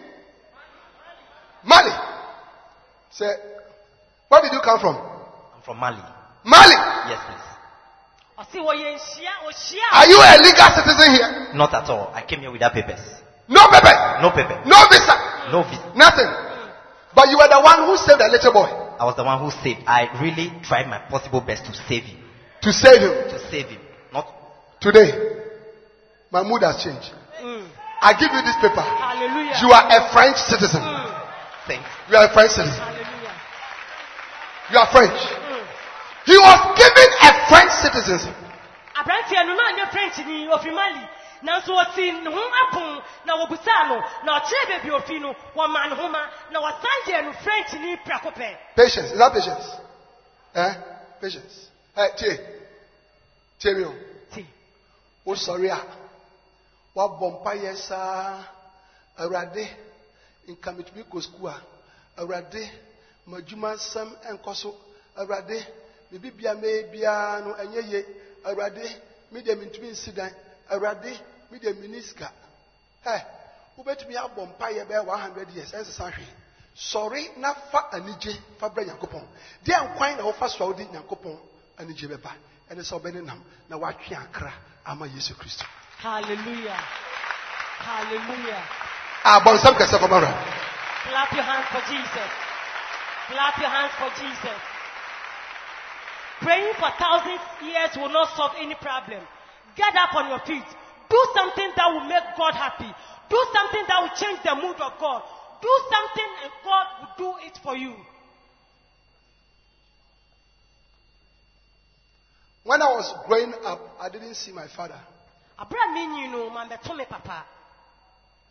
Mali. Say, where did you come from? I'm from Mali. Mali? Yes, please. Are you a legal citizen here? Not at all. I came here without papers. No papers? No papers. No visa? No visa. Nothing. But you were the one who saved the little boy. I was the one who saved. I really tried my possible best to save him. To save him? To save him. Not today. My mood has changed. Mm. I give you this paper. Hallelujah. You are a French citizen. Mm. accent. You are a French citizen. You are French. Mm. He was given a French citizenship. Abranteɛ no naa nye French ni ofi Mali nanso ɔsi ne ho apon na wɔbusa no na ɔkyerɛ beebi ofi no wɔma ne ho ma na wɔsan yɛ no French ni prako pɛ. Patience is that patience? Eh? Patience. Ɛ eh, tie tie mi o. Tie. O sɔre a wabɔ mpa yɛ saa awurade nka metumi kɔ sukuu a awurade ma adwuma nsɛm nkɔ so awurade biribi bia mɛyɛ biara no ɛnyɛ ye awurade mi deɛ mentumi nsi dan awurade mi deɛ mini sika ɛ wobɛtumi abɔ mpaeɛ bɛyɛ one hundred years ɛnsesa hwee sɔre na fa anigye fa brɛ nyankopɔn deɛ nkwan na wɔfa soa wode nyankopɔn anigye bɛba ɛne sɛ wobɛne nam na woatwe akra ama yesu kristo hallelujah hallelujah Ah, Clap your hands for Jesus. Clap your hands for Jesus. Praying for thousands years will not solve any problem. Get up on your feet. Do something that will make God happy. Do something that will change the mood of God. Do something and God will do it for you. When I was growing up, I didn't see my father. Abra mi nyinu, mambe tome papa.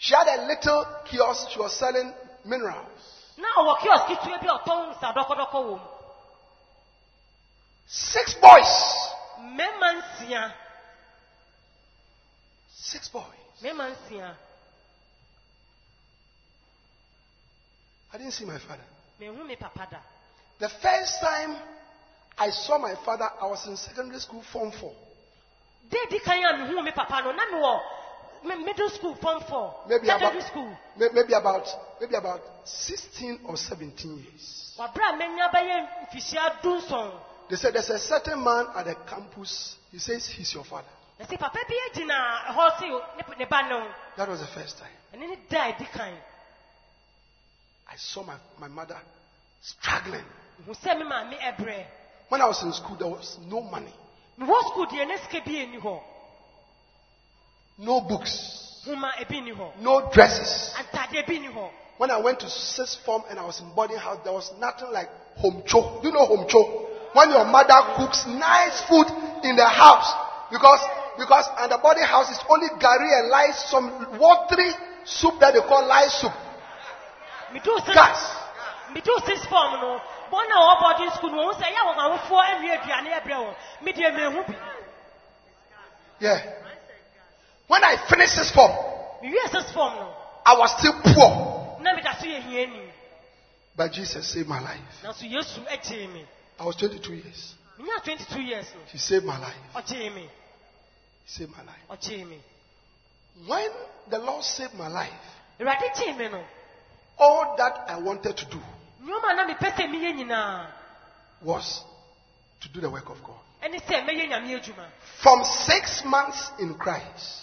She had a little kiosk, she was selling minerals. Now, kiosk Six boys. Six boys. I didn't see my father. The first time I saw my father, I was in secondary school, form four middle school, form four, maybe secondary about, school. maybe about maybe about sixteen or seventeen years. They said there's a certain man at the campus. He says he's your father. That was the first time. And then he died. I saw my, my mother struggling. When I was in school, there was no money. No books. No dresses. When I went to sixth form and I was in boarding house, there was nothing like home cho. Do you know home cho? When your mother cooks nice food in the house, because because at the boarding house it's only gari and lice, some watery soup that they call lice soup. Gas. too sixth form no bɔn na wɔ boarding school no wɔn sɛ yɛ wɔn awofoɔ to aduane ɛbrɛ wɔn mi deɛ mi ehu yeah. When I finished this form, I was still poor. But Jesus saved my life. Eh, I was 22 years. 22 saved my life. He saved my life. Oh, oh, When the Lord saved my life, eh, all that I wanted to do was to do the work of God. From six months in Christ,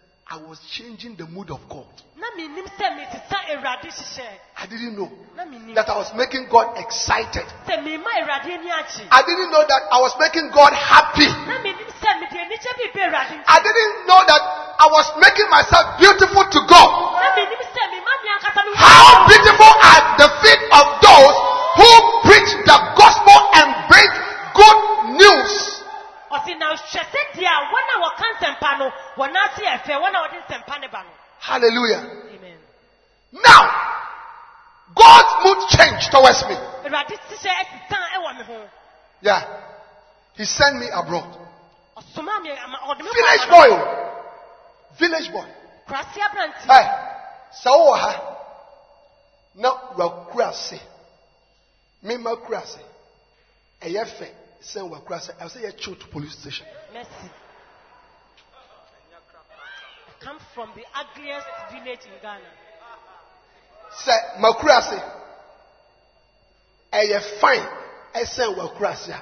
I was changing the mood of God. I didn't know that I was making God excited. I didn't know that I was making God happy. I didn't know that I was making myself beautiful to God. How beautiful are the feet of those who preach the gospel and nti na hwɛ sɛ deɛ wɔn a wɔka nsɛmpa no wɔn ase yɛ fɛ wɔn a wɔde nsɛmpa ne ba no. hallelujah. amen. now God's mood changed towards me. Awurade hyehyɛ ɛsisan ɛwɔ me ho. yeah he sent me abroad. ɔsoma mi ama ɔde mi village boy o village boy. kurasi abiranti. ɛ sɛ wowɔ ha na wakura se mema kura se ɛyɛ fɛ send wakura say I say yeah chill to police station. Mercy. I come from the ugliest village in Ghana. Say makura say ɛyɛ eh, fine ɛsɛn eh, wakura say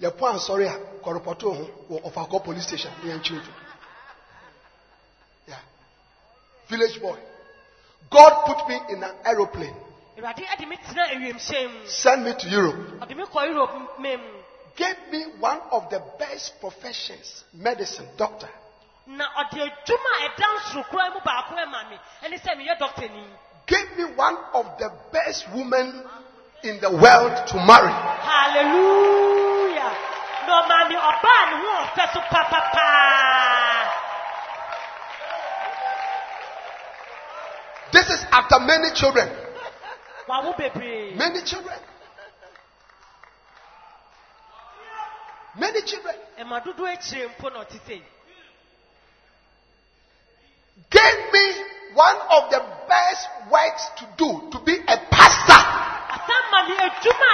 yɛ pɔ ansɔre a kɔrɔpɔtɔ ho wɔ ɔfakɔ police station ne yɛn chill to. Yeah. Village boy. God put me in an aeroplane. Send me to Europe gave me one of the best professions, medicine, doctor. Na ọdị edwuma ẹda nsukura mu baako ẹma mi ẹni sẹ mi yẹ doctor ni. Gave me one of the best women in the world to marry. Hallelujah! Na ọma mi ọbaa ni wọn ọfẹ so paapaa. This is after many children. Wàá wú bebree. Many children. many children. ẹ̀ma dúdú ekyire mpo na gave me one of the best works to do to be a pastor. àtàmà ni ẹ̀dùnmá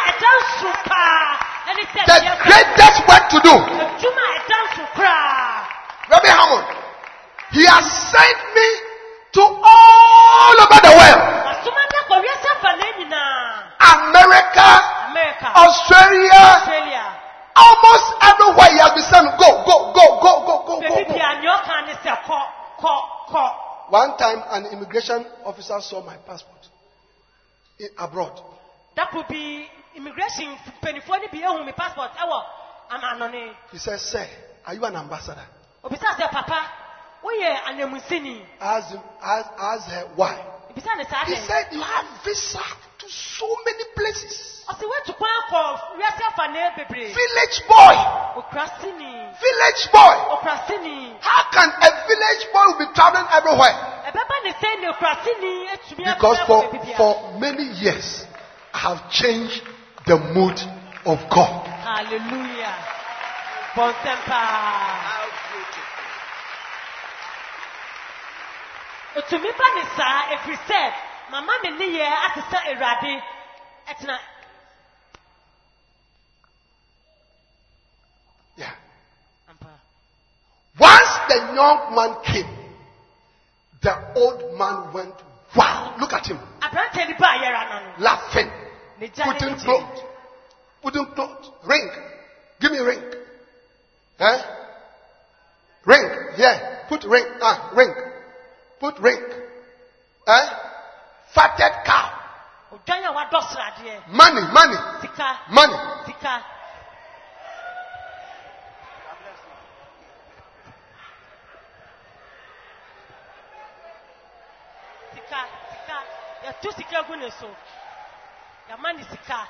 the greatest work to do. ẹ̀dùnmá ẹ̀dá nsùn kura. Rabbi Hammond, he has sent me to all over the world. America, America. Australia, Australia almost everywhere he has been sent, go, go, go, go, go, go, go. One time, an immigration officer saw my passport in, abroad. That could be immigration. passport. I'm anone. He says, Sir, are you an ambassador? Papa, I asked, as, as, asked eh, her why. He said, You have visa so many places. Village boy. Okrasini. Village boy. Okrasini. How can a village boy be traveling everywhere? Because for, for many years, I have changed the mood of God. Hallelujah. Bon temper mama mi ni yɛ asesa awurade ɛtena. Once the young man came, the old man went wow. Look at him. Laughing. putting cloth. putting cloth. Ring. Give me ring. Eh? Ring. Yeah. Put ring. Ah, ring. Put ring. Eh? fatted cow. Odwan a wadɔ sradeɛ. Money money. Sika. Money. Sika. Sika sika yɛtu sika gu so yɛma ne sika.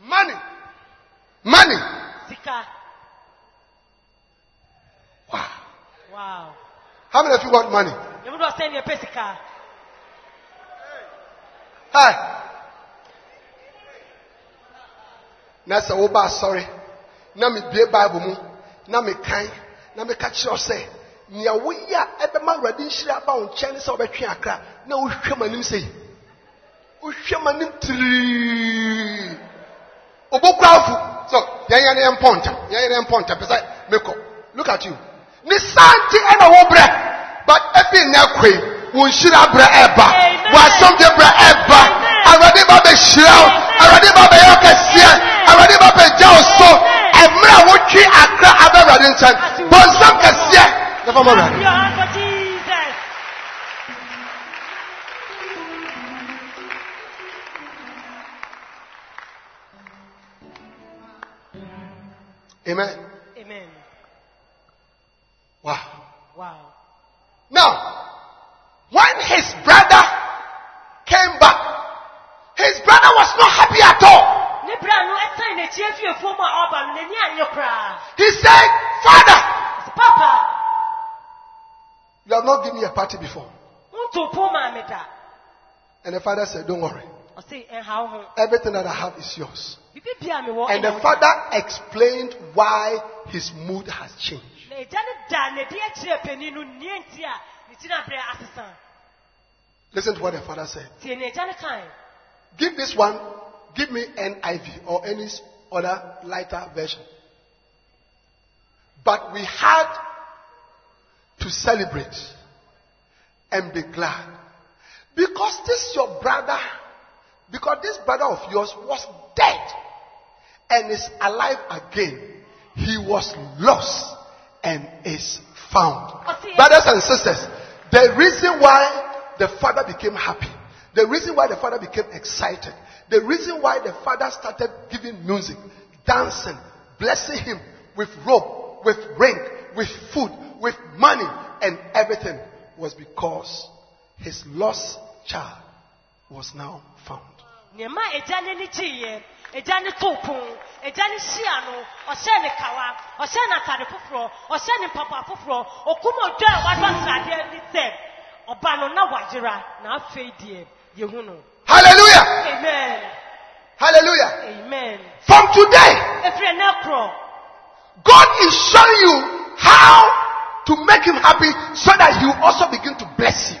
Money. Money. Sika. Wow. How many of you got money? You would not send your basic car. Hi. na sɛ woba asɔre na mebie bible mu na mekan na meka kyerɛ sɛ nea woyɛ a ɛbɛma awurade nhyira ba wo nkyɛn ne sɛ wobɛtwe akra na wohwɛ m'anim sɛ wohwɛ m'anim tirii obokura afo so yɛnyɛ ne yɛmpɔ nta yɛnyɛ ne yɛmpɔ nta pɛ sɛ look at you ne saa nti ɛna wo brɛ but ebi nya kwe wo nhyira brɛ ɛba wo asomdwe brɛ ɛba awurade ba bɛhyira wo awurade ba bɛyɛ kɛseɛ awurade ba bɛgya wo so ɛmmerɛ a wotwe akra aba awurade nkyɛn bɔnsam kɛseɛ nafa ma awurade Amen. Wow. Wow. Now, when his brother came back, his brother was not happy at all. He said, Father, Papa, you have not given me a party before. And the father said, Don't worry. Everything that I have is yours. And the father explained why his mood has changed. Listen to what the father said. Give this one, give me NIV or any other lighter version. But we had to celebrate and be glad. Because this your brother, because this brother of yours was dead and is alive again. He was lost and is found. Brothers and sisters, the reason why the father became happy, the reason why the father became excited, the reason why the father started giving music, dancing, blessing him with rope, with ring, with food, with money, and everything was because his lost child was now found. nneɛma agya ne ne kyiiɛ agya ne too agya ne hyia no ɔhyɛ ne kawa ɔhyɛ ne foforɔ ɔhyɛ ne mpaboa foforɔ okum odwa a wadɔ sradeɛ ne sɛ ɔba no na wayera na afei deɛ yɛhu no hallelujah amen hallelujah amen from today efiri ɛnɛ god is showing you how to make him happy so that he will also begin to bless you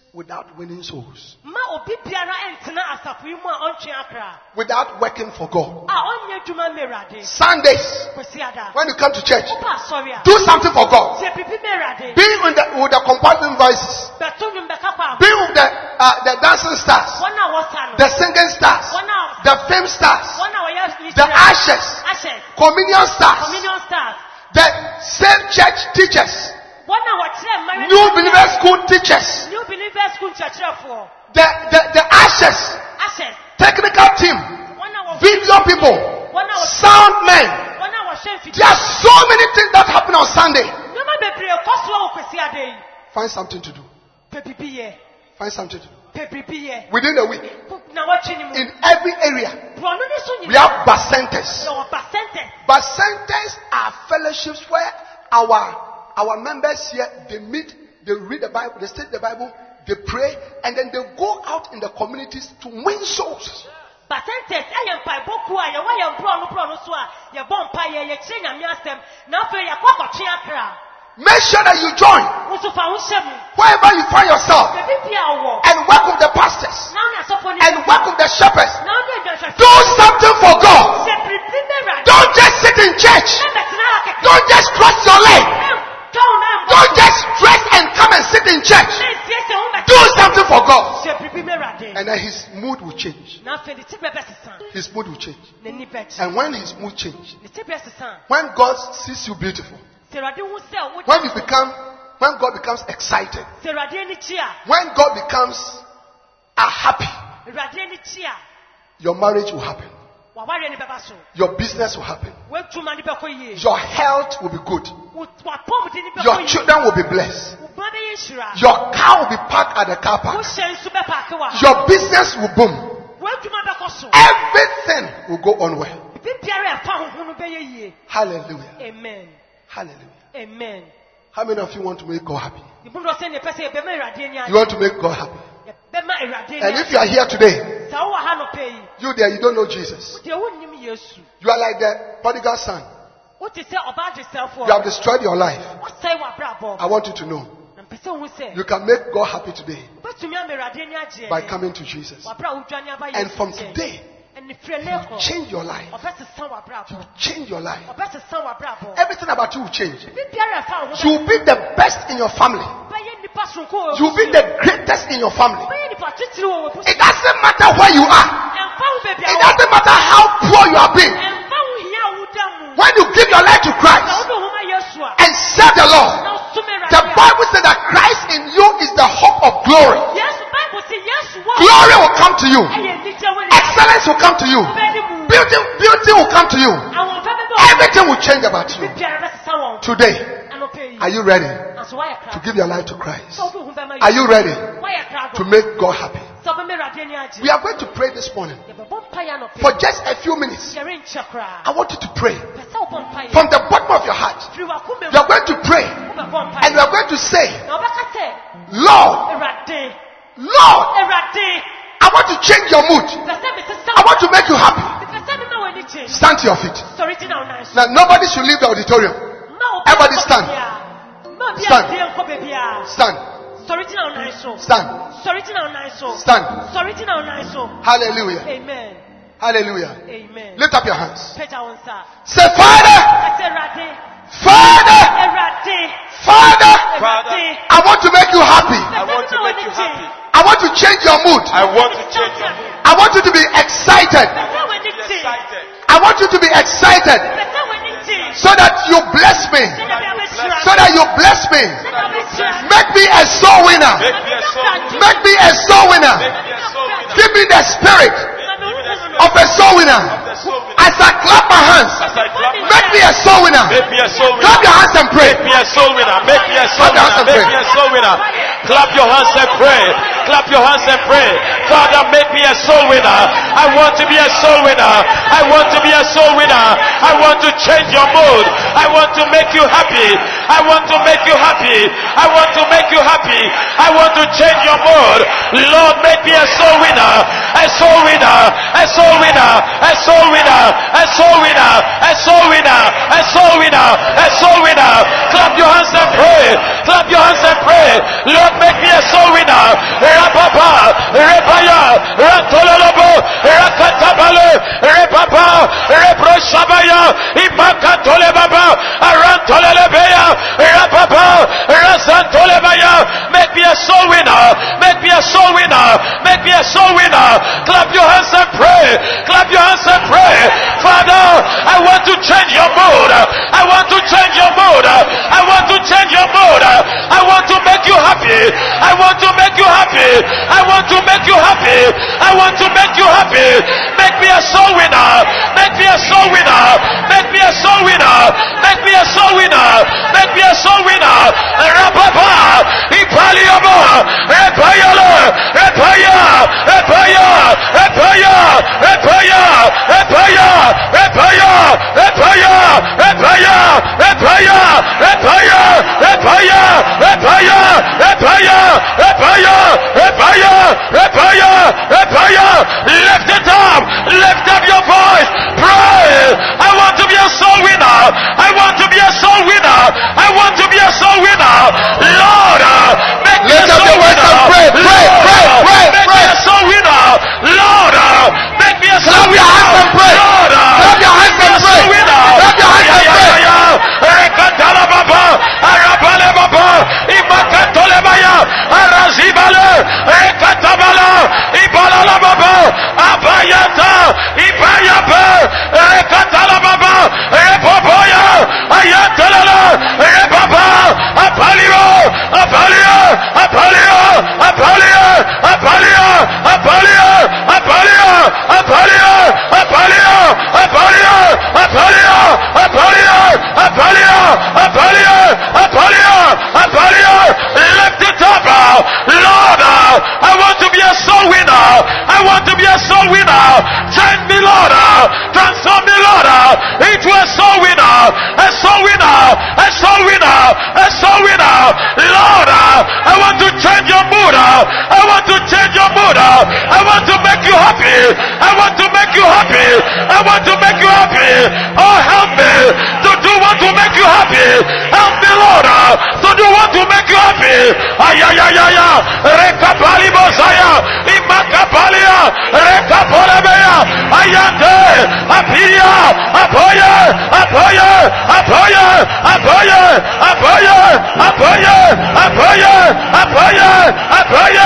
without winning souls. Without working for God. Sundays, when you come to church, do something for God. Be with the, with the compartment voices. Be with the, uh, the dancing stars, the singing stars, the film stars, the ashes, communion stars, the same church teachers. New Believer School teachers. New Believer School for The, the, the ashes. ashes. Technical team. Video people. Sound men. There are so many things that happen on Sunday. Find something to do. Find something to do. Within a week, in every area, we have bar centers. Bar centers are fellowships where our our members here, they meet, they read the Bible, they study the Bible, they pray, and then they go out in the communities to win souls. Make sure that you join. Wherever you find yourself. And work with the pastors. And work with the shepherds. Do something for God. Don't just sit in church. Don't just cross your leg. Don't just dress and come and sit in church. Do something for God. And then his mood will change. His mood will change. And when his mood changes, when God sees you beautiful, when you become, when God becomes excited, when God becomes ah, happy, your marriage will happen. Your business will happen. Your health will be good. Your children will be blessed. Your car will be parked at the car park. Your business will boom. Everything will go on well. Hallelujah. Amen. Hallelujah. Amen. How many of you want to make God happy? You want to make God happy? And if you are here today, you there, you don't know Jesus. You are like the prodigal son. You have destroyed your life. I want you to know. You can make God happy today by coming to Jesus. And from today, Change your life. You change your life. Everything about you will change. You will be the best in your family. You will be the greatest in your family. It doesn't matter where you are. It doesn't matter how poor you have been. When you give your life to Christ and serve the Lord, the Bible says that Christ in you is the hope of glory. Glory will come to you. Excellence will come to you. Beauty, beauty will come to you. Everything will change about you. Today, are you ready to give your life to Christ? Are you ready to make God happy? We are going to pray this morning for just a few minutes. I want you to pray from the bottom of your heart. You are going to pray and you are going to say, Lord, Lord. I want to change your mood. I want to make you happy. Stand to your feet. Now, nobody should leave the auditorium. Everybody stand. Stand. Stand. Stand. Stand. Hallelujah. Amen. Hallelujah. Amen. Lift up your hands. Say, Father. Father, Father, Father, I want to make you happy. I want to make you happy. I want to change your mood. I want to change your mood. I want you to be excited. I want you to be excited so that you bless me. So that you bless me. Make me a soul winner. Make me a soul winner. Give me the spirit of a soul winner. As I clap my hands, make me a soul winner. Clap your hands and pray. Make me a soul winner. Make me a soul winner. Make me a soul winner. Clap your hands and pray. Clap your hands and pray. Father, make me a soul winner. I want to be a soul winner. I want to be a soul winner. I want to change your mood. I want to make you happy. I want to make you happy. I want to make you happy. I want to change your mood. Lord, make me a soul winner. A soul winner. A soul winner. A soul winner. A soul winner. A soul winner. A soul winner. A soul winner. Clap your hands and pray. Clap your hands and pray. Lord, that make me a soul winner. Rapapa, Repaya, Ratololobo, Rakatabale, Repapa, Reproshabaya, Ibakatolebaba, Arantolelebeya, Rapapa, Rasantolebaya. Make me a soul winner. Make me a soul winner. Make me a soul winner. Clap your hands and pray. Clap your hands and pray. Father, I want to change your mood. I want to change your mood. I want to change your mood. I want to make you happy. I want to make you happy. I want to make you happy. I want to make you happy. Make me a soul winner. Make me a soul winner. Make me a soul winner. Make me a soul winner. Make me a soul winner. Rapapa. Ipaliomo. Repayolo. Repaya. Repaya. Repaya. Repaya. Repaya. Repaya. Repaya. Repaya. Repaya. Repaya. Repaya. Repaya. Repaya. Epaya, Epaya, Epaya, Epaya, Epaya. Lift it up. Lift up your voice. Pray. I want to be a soul winner. I want to be a soul winner. I want to be a soul winner. Lord, uh, make me a soul up your voice winner. and pray. Pray, Lord, pray, pray, make pray. Make me a soul winner. Lord, uh, make me a soul Clap winner. Your hands and pray. Lord, Ekatabala, la Baba, Abayata, Ibayaba, Ekatala Baba, à Ayatalala, à Apalio, Apalio, Apalio, Apalio, Apalio, Apalio, Apalio, Apalio, Apalio, Apalio, Apalio, Apalio, Apalio, Apalio, soul winner. Change me, Lord. Transform me, Lord, into a soul winner. A soul winner. A soul winner. A soul winner. Lord, I want to change your mood. I want to change your mood. I want to make you happy. I want to make you happy. I want to make you happy. Oh, help me to you happy. Help the Lord, to do what to make you happy. Ayayayaya, rekapali bosaya, imakapalia, rekapolebeya, ayante, apiria, apoye, apoye, apoye, apoye, apoye, apoye, apoye, apoye, apoye,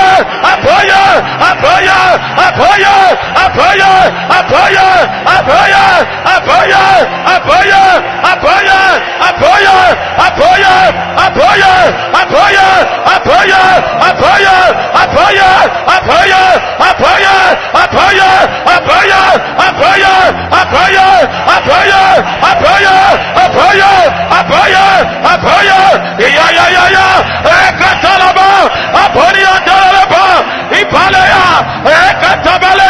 apoye, apoye, apoye, apoye, apoye, apoye, apoye, apoye, apoye, apoye, apoya, apoya, apoya, apoya, apoya, apoya, apoya, apoya, apoya, apoya, apoya, apoya, apoya, apoya, apoya, apoya, apoya, apoya, ya ya ya ya, ekatalaba, apoya talaba, ipalaya, ekatabale.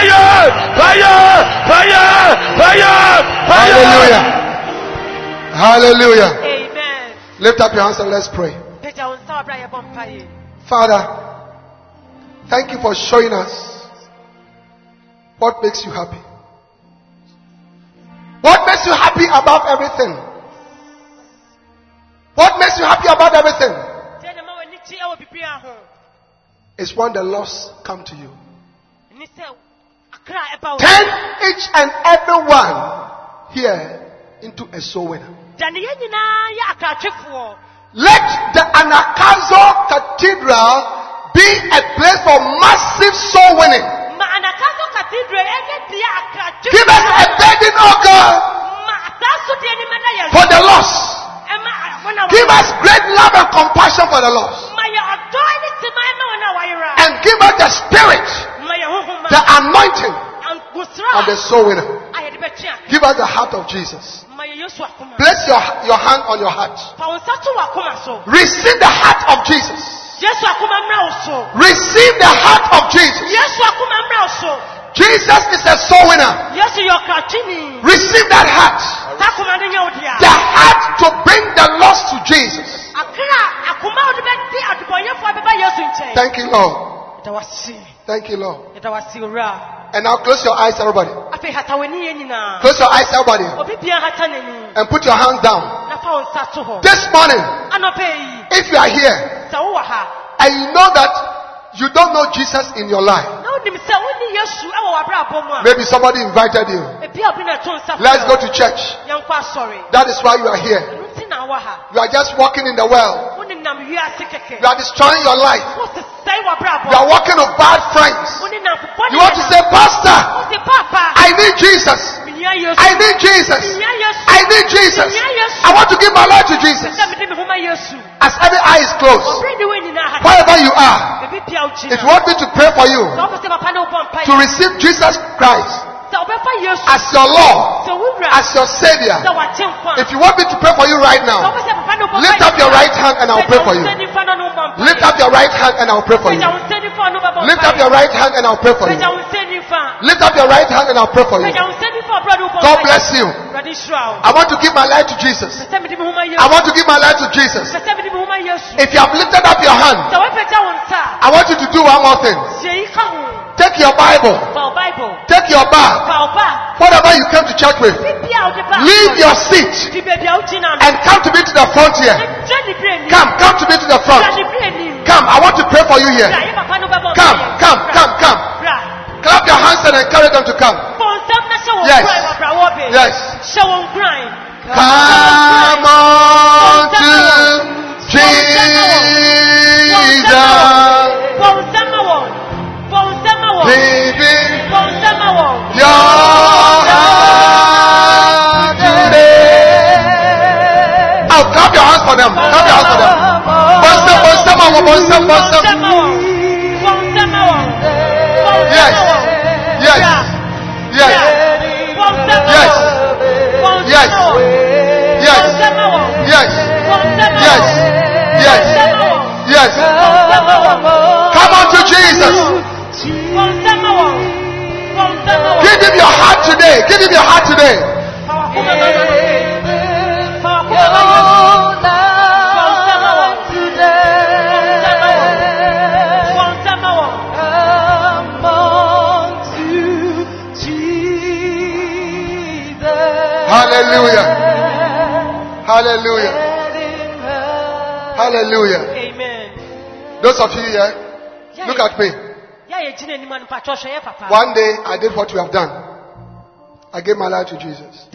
Fire! Fire! Fire! Fire! Fire! Hallelujah! Hallelujah! Amen. Lift up your hands and let's pray. Father, thank you for showing us what makes you happy. What makes you happy above everything? What makes you happy about everything? It's when the loss come to you. Turn each and every one here into a soul winner. Let the Anakazo Cathedral be a place of massive soul winning. Eh, give us a burden, O God, for the lost. Eh, give us great love and compassion for the lost. And give us the spirit the anointing of the soul winner. Give us the heart of Jesus. Bless your, your hand on your heart. Receive the heart of Jesus. Receive the heart of Jesus. Jesus is a soul winner. Receive that heart. The heart to bring the lost to Jesus. Thank you, Lord. Thank you, Lord. And now close your eyes, everybody. Close your eyes, everybody. And put your hands down. This morning, if you are here and you know that you don't know Jesus in your life, maybe somebody invited you. Let's go to church. That is why you are here. You are just walking in the world. You are destroying your life. You are walking with bad friends. You want to say, Pastor, I need Jesus. I need Jesus. I need Jesus. I want to give my life to Jesus. As every eye is closed, wherever you are, if you want me to pray for you to receive Jesus Christ as your Lord, as your Savior. If you want me to pray for you right now, lift up your right hand and I'll pray for you. Lift up your right hand and I'll pray for you. Lift up your right hand and I'll pray for you. Lift up your right hand and I'll pray for you. God bless you. I want to give my life to Jesus. I want to give my life to Jesus. If you have lifted up your hand, I want you to do one more thing. Take your Bible. Take your bag. Whatever you came to church with. Leave your seat and come to me to the front here. Come, come to me to the front. Come, I want to pray for you here. Come, come, come, come. Clap your hands and encourage them to come. Yes. Yes. Come on to Jesus. Baby. Your oh, Clap your hands for them. Clap your hands for them. Bonsam, bonsam, bonsam, bonsam. heart today. Give him your heart today. Hallelujah. Hallelujah. Hallelujah. Amen. Those of you here, look at me. One day I did what you have done. I gave my life to Jesus.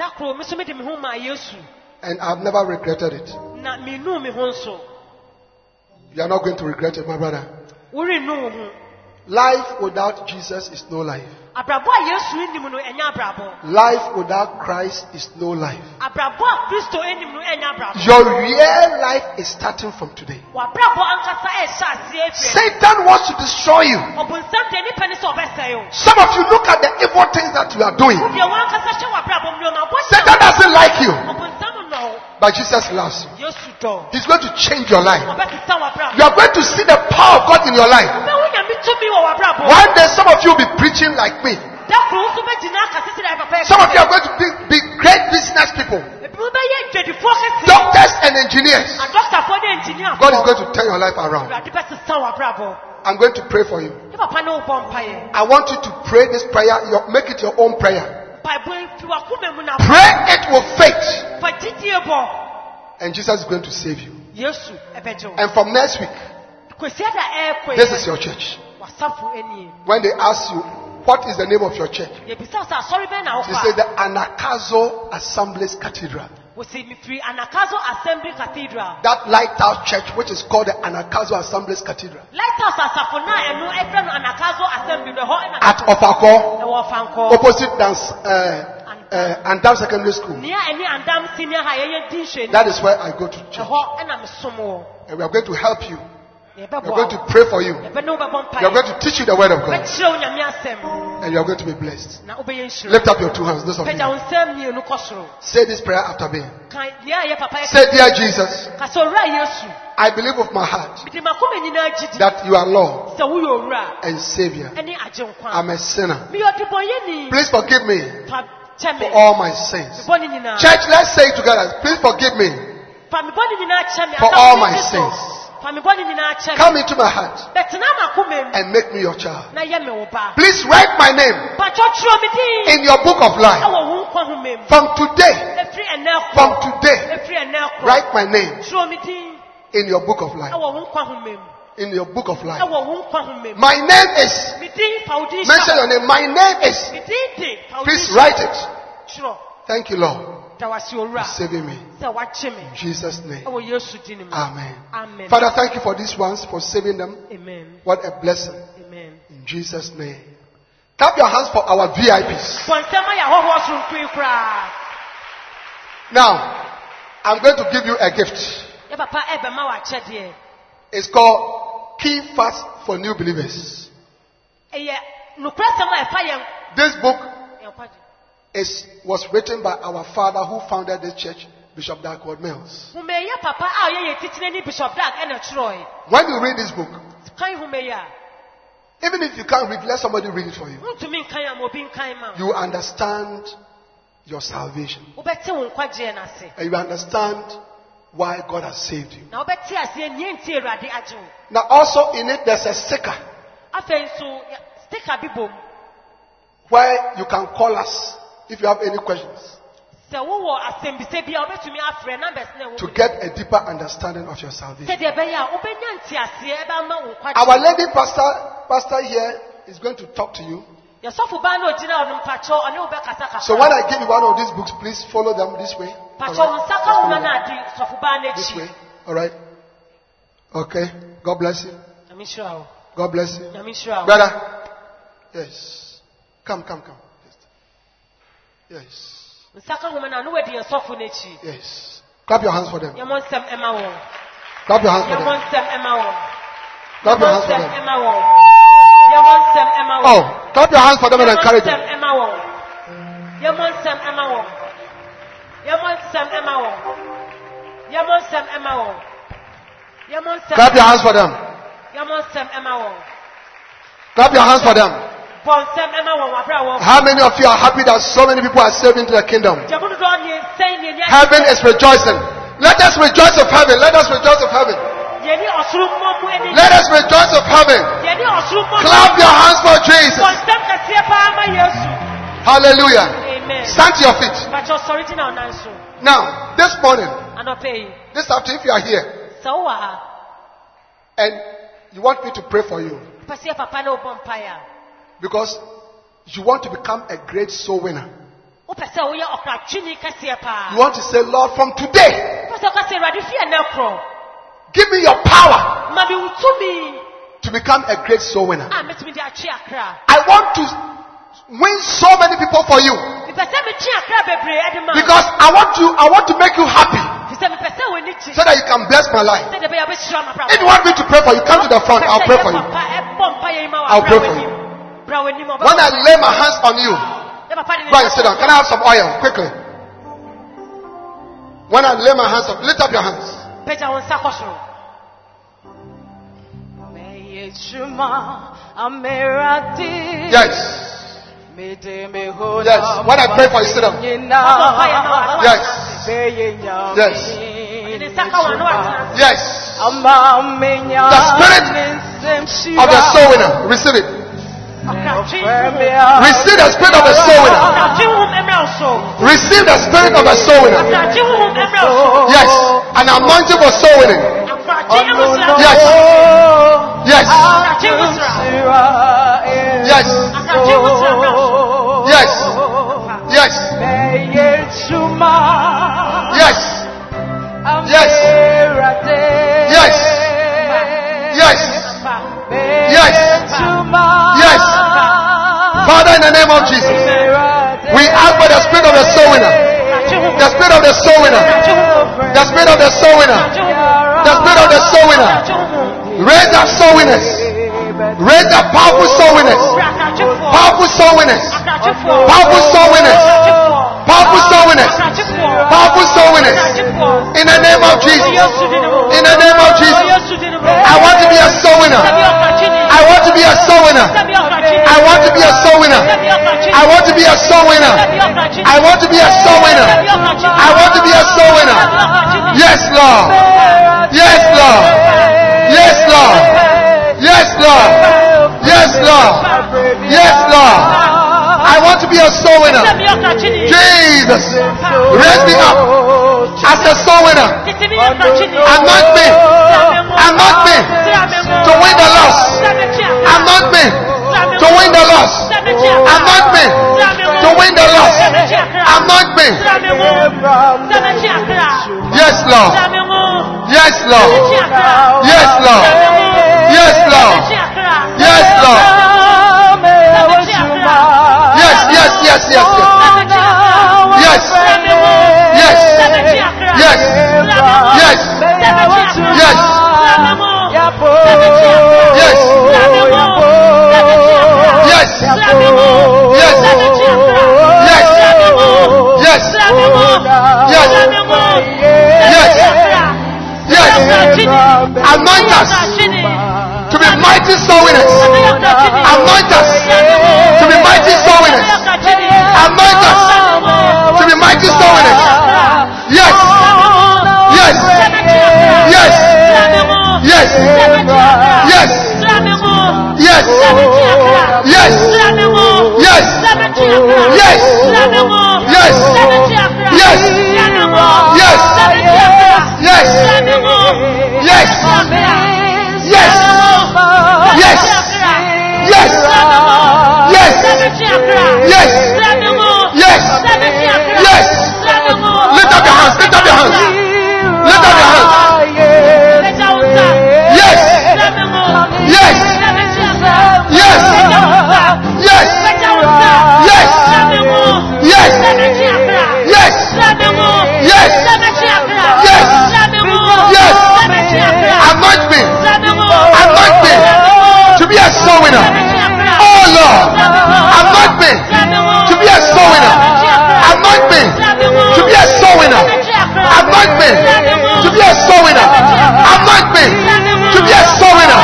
And I've never regretted it. You are not going to regret it, my brother. Life without Jesus is no life. Abrabọ Yesu enim no ẹnyẹ abrabọ. Life without Christ is no life. Abrabọ Kristo enim no ẹnyẹ abrabọ. Your real life is starting from today. W'abrabọ ankasa ẹ̀ ṣe ase efirin. Satan wants to destroy you. Ọ̀bùnsẹ́n tẹ̀ nípa ẹni sọ sẹ́yìn o. Some of you look at the evil things that you are doing. Kúbi ẹ̀ wọ́n ankasa ṣé w'abrabọ mi lọ́nà. Satan doesn't like you. Ọ̀bùn But Jesus loves you. He's going to change your life. You are going to see the power of God in your life. One day, some of you will be preaching like me. Some of you are going to be, be great business people. Doctors and engineers. God is going to turn your life around. I'm going to pray for you. I want you to pray this prayer, make it your own prayer. Pray it with faith. And Jesus is going to save you. And from next week, this is your church. When they ask you, what is the name of your church? They say the Anakazo Assemblies Cathedral. That lighthouse church, which is called the Anakazo Assemblies Cathedral. Anakazo At Ofako, opposite dance, uh, uh, Andam Secondary School. That is where I go to church. And we are going to help you. We're going to pray for you. We're going to teach you the word of God. And you are going to be blessed. Lift up your two hands. Those of you. Say this prayer after me. Say, Dear Jesus, I believe with my heart that you are Lord and Savior. I'm a sinner. Please forgive me for all my sins. Church, let's say together. Please forgive me for all my sins. Come into my heart and make me your child. Please write my name in your book of life. From today, from today, write my name in your book of life. In your book of life. My name is. Mention your name. My name is. Please write it. Thank you, Lord saving me. In Jesus' name. Oh, Amen. Amen. Father, thank you for these ones, for saving them. Amen. What a blessing. Amen. In Jesus' name. Clap your hands for our VIPs. Now, I'm going to give you a gift. Eh, it's called Key Fast for New Believers. This book is, was written by our father who founded this church, Bishop Darkwood ah, Mills. Eh, when you read this book, even if you can't read, let somebody read it for you. You understand your salvation. And you understand why God has saved you. Now, also in it, there's a sticker where you can call us if you have any questions. To get a deeper understanding of your salvation. Our lady pastor, pastor here is going to talk to you. So when I give you one of these books, please follow them this way. Right. This way. All right. Okay. God bless you. God bless you. Brother. Yes. Come, come, come. Yes. Nsaka woman na nuwe di nsɔfo Yes. Clap your hands for them. Yamɔ nsɛm ɛma Clap your hands for them. Yamɔ nsɛm ɛma Clap your hands for them. Oh, clap your hands for them and encourage them. Yamɔ nsɛm ɛma wɔn. Yamɔ nsɛm ɛma wɔn. Yamɔ Clap your hands for them. Yamɔ nsɛm ɛma Clap your hands for them. How many of you are happy that so many people are saved into the kingdom? Heaven is rejoicing. Let us rejoice of heaven. Let us rejoice of heaven. Let us rejoice of heaven. Clap your hands for Jesus. Hallelujah. Amen. Stand to your feet. Now, this morning, this afternoon, if you are here, and you want me to pray for you. Because you want to become a great soul winner. You want to say, Lord, from today, give me your power to become a great soul winner. Ah, I want to win so many people for you. Because I want to, I want to make you happy. So that you can bless my life. If you want me to pray for you, come to the front. I'll pray for you. I'll pray for you. When I lay my hands on you, right, sit down. Can I have some oil quickly? When I lay my hands on, lift up your hands. Yes. Yes. When I pray for you, sit down. Yes. Yes. Yes. The spirit of the soul winner, receive it. Receive the spirit of a soul winner. Receive the spirit of a soul winner. Yes, an anointing for soul winning. Yes. Yes. Yes. in the name of Jesus. We ask for the spirit of the soul winner. The spirit of the soul winner. The spirit of the soul winner. The spirit of the soul winner. Raise up soul winners. Raise up powerful soul winners. Powerful soul winners. Powerful soul winners. Powerful soul winners. Powerful soul winners. In the name of Jesus. In the name of Jesus. I want to be a soul winner. I want to be a soul winner. I want to be a soul winner. I want to be a soul winner. I want to be a soul winner. I want to be a soul winner. Yes, Lord. Yes, Lord. Yes, Lord. Yes, Lord. Yes, Lord. Yes, Lord. I want to be a soul winner. Jesus, raise me up as a soul winner. Anoint me. Anoint me to win the loss anoint me to win the loss anoint me to win the loss anoint me yes lord yes lord yes lord yes lord yes lord yes yes yes yes yes yes yes yes yes yes Yes. Yes. Yes. Yes. Yes. Yes. Yes. Anoint us to be mighty sowers. Anoint us to be mighty sowers. Anoint us. winner. Oh Lord, anoint me to be a soul winner. Anoint me to be a soul winner. Anoint me to be a soul winner. Anoint me to be a soul winner.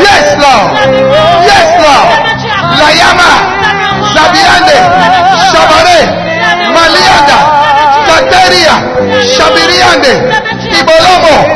Yes, Lord. Yes, Lord. Layama, Zabiande, Shabare, Malianda, Kateria, Shabiriande, Ibolomo.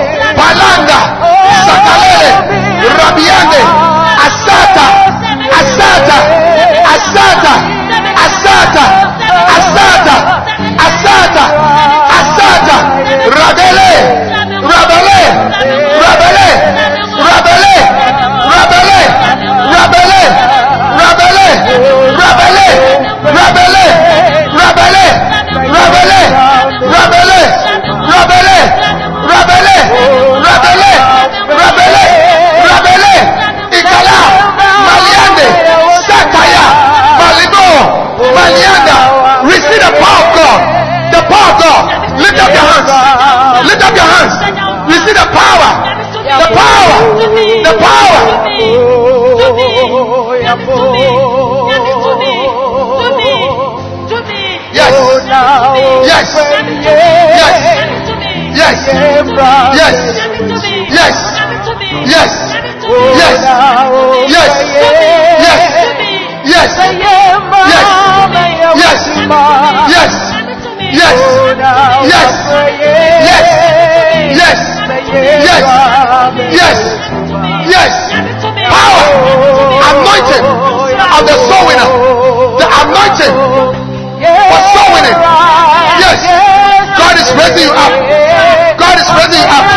Yes. Yes. Yes. Yes. Yes. Yes. Yes. Yes. Yes. Yes. Yes. Yes. Yes. Power. Anointing of the soul winner. The anointing for soul winning. Yes. God is raising you up. God is raising you up.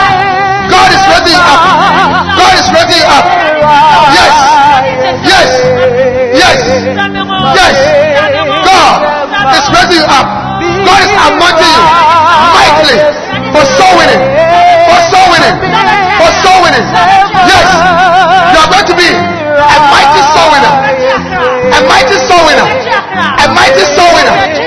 Yes. Yes. Yes. God is raising you up. God is anointing you mightily for soul winning. For soul winning. For soul winning. Yes. You are going to be a mighty soul winner. A mighty soul winner. A mighty soul winner.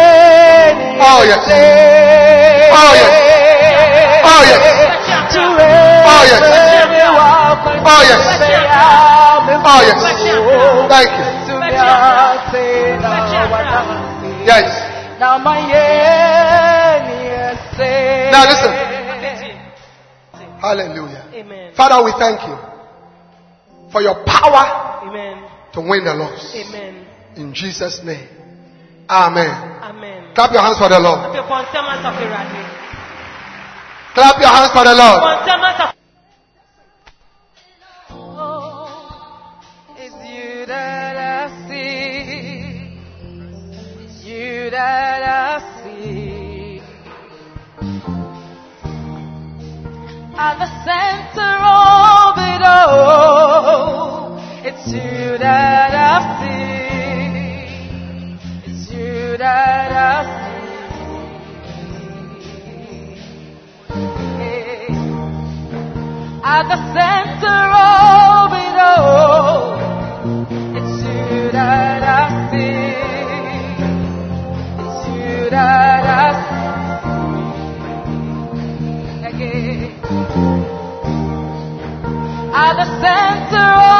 Oh yes. Oh yes. Oh yes. Oh Oh Oh Thank you. Yes. Now listen. Hallelujah. Amen. Father, we thank you for your power Amen. to win the loss. Amen. In Jesus' name. Amen. Clap your hands for the Lord. Clap your hands for the Lord. It's you you that I see. see. at the center of it all. It's you that I've At the center of it all, it's you that I see. It's you that I see. Again. At the center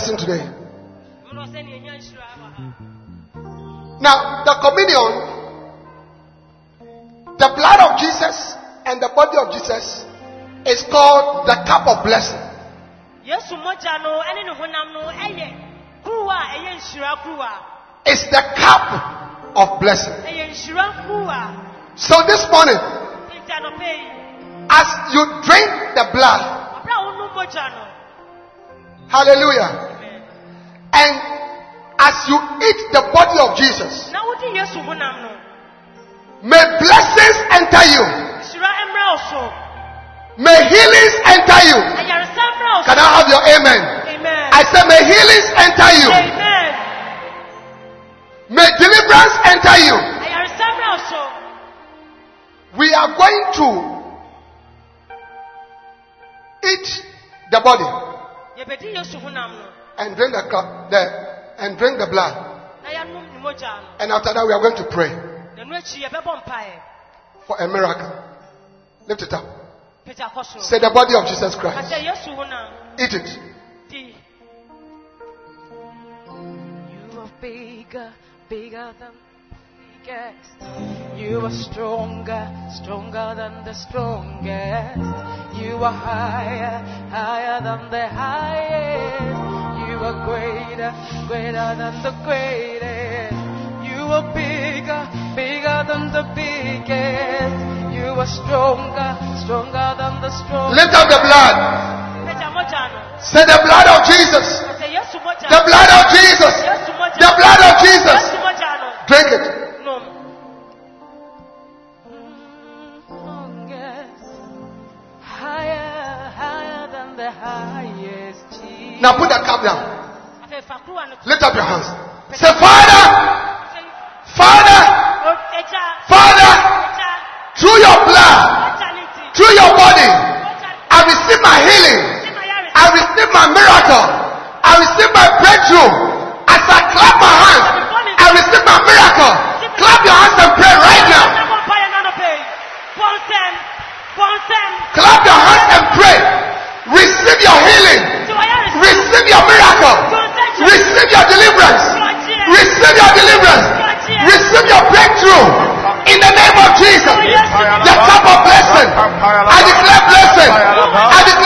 person today. Mm-hmm. Now, the communion, the blood of Jesus and the body of Jesus is called the cup of blessing. It's the cup of blessing. So this morning, as you drink the blood, hallelujah. And as you eat the body of Jesus, may blessings enter you. May healings enter you. Can I have your amen? amen. I say, may healings enter you. Amen. May deliverance enter you. We are going to eat the body and drink the cup, the, and drink the blood. And after that, we are going to pray for a miracle. Lift it up. Say the body of Jesus Christ. Eat it. You are bigger, bigger than the biggest. You are stronger, stronger than the strongest. You are higher, higher than the highest are greater, greater than the greatest. You are bigger, bigger than the biggest. You are stronger, stronger than the strongest. Lift up the blood. Say the blood of Jesus. The blood of Jesus. The blood of Jesus. Drink it. Mm, higher, higher than the high. Now put that cup down. Lift up your hands. Say, Father, Father, Father, through your blood, through your body, I receive my healing. I receive my miracle. I receive my breakthrough. As I clap my hands, I receive my miracle. Clap your hands and pray right now. Clap your hands and pray. Receive your healing. Receive your miracle. Receive your deliverance. Receive your deliverance. Receive your breakthrough. In the name of Jesus. The type of blessing. I declare blessing. I declare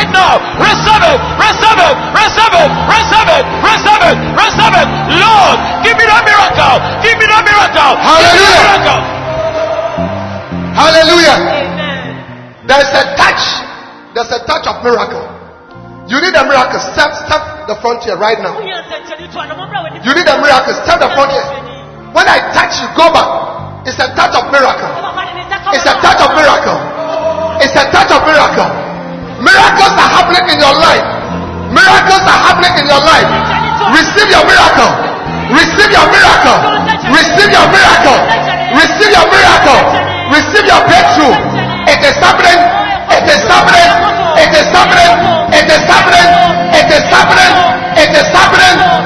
right now. Receive it, receive it, receive it, receive it, receive it, receive it. Lord, give me that miracle. Give me that miracle. Hallelujah. Miracle. Hallelujah. Amen. There's a touch. There's a touch of miracle. You need a miracle. Step, step the frontier right now. Oh, you need a miracle. Step the frontier. When I touch you, go back. miracle. Receive your breakthrough. It is happening. It is happening. It is happening. It is happening. It is happening. It is happening.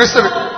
Listen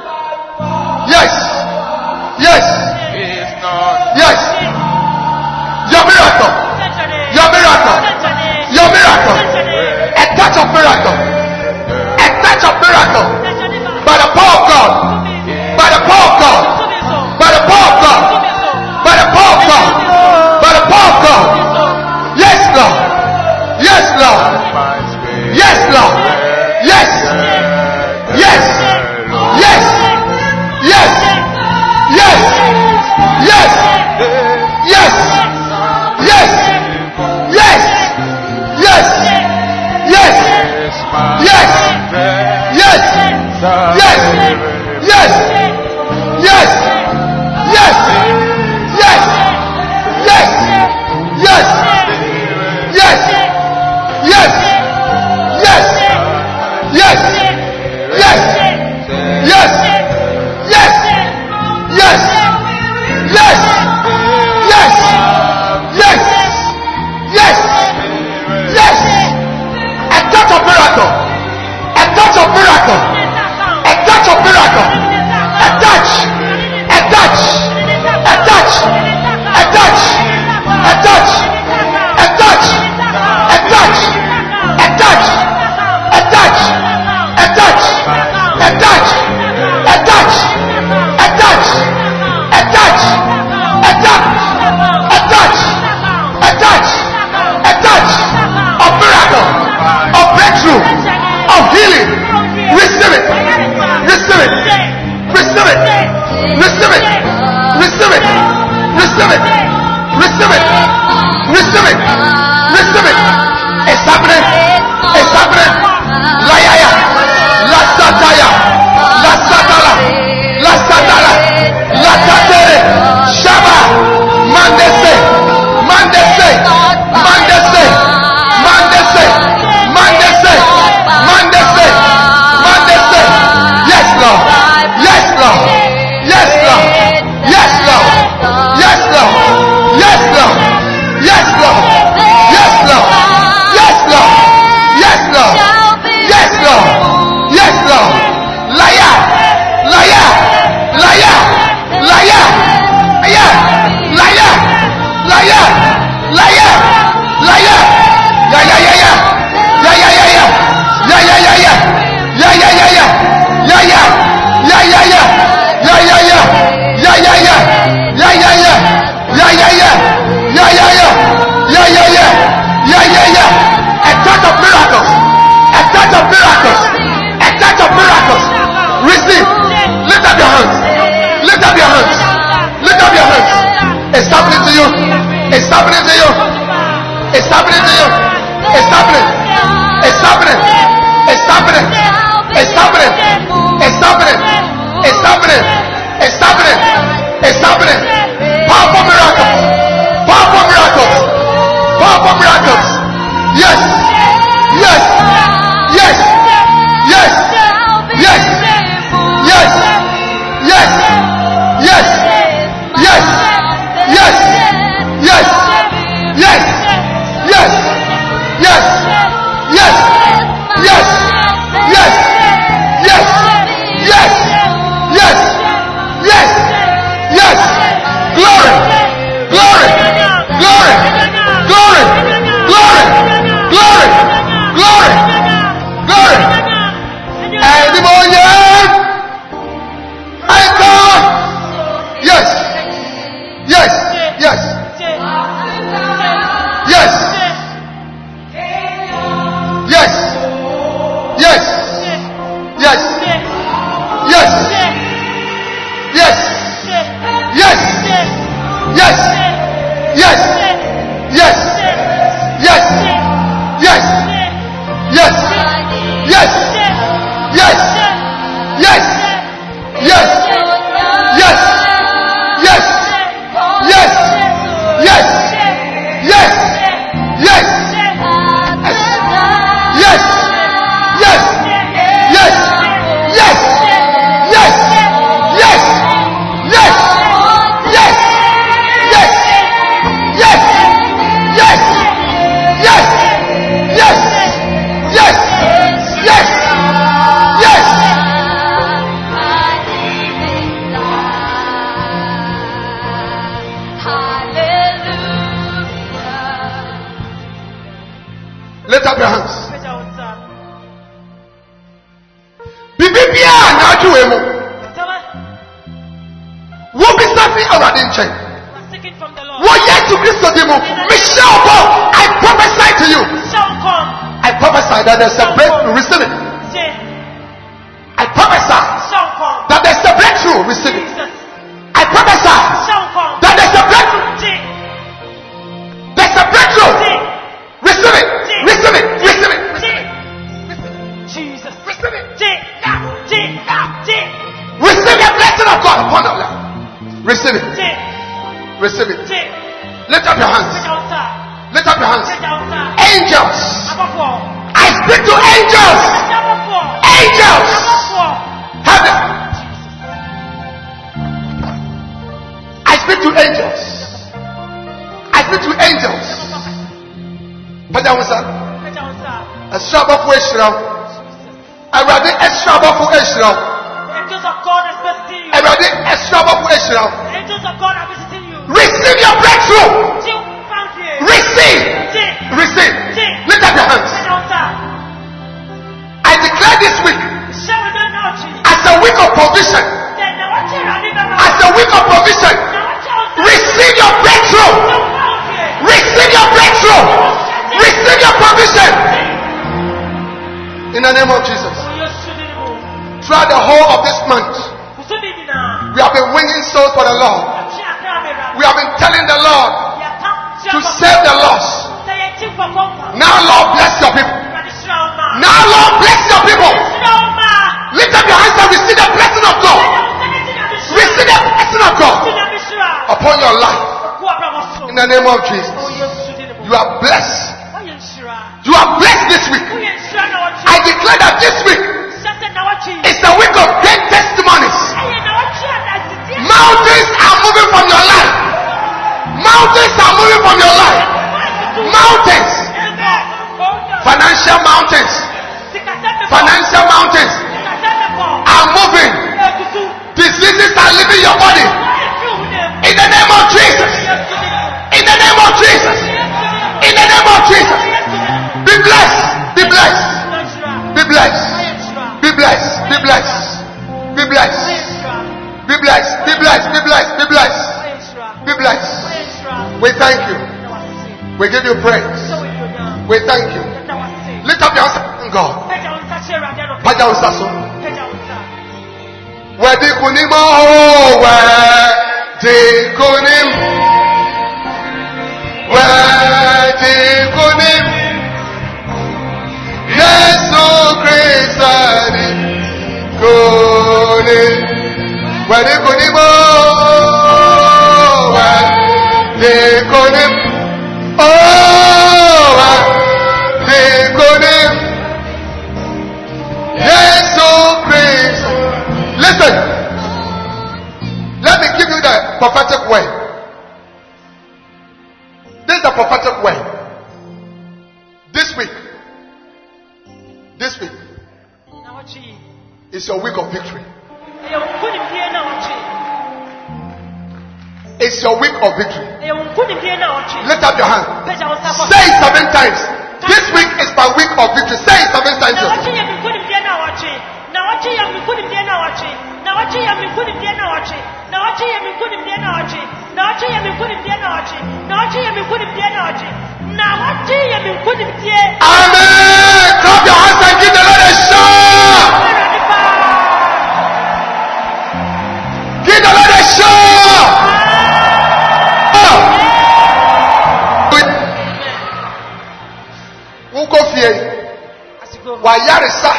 wayaresa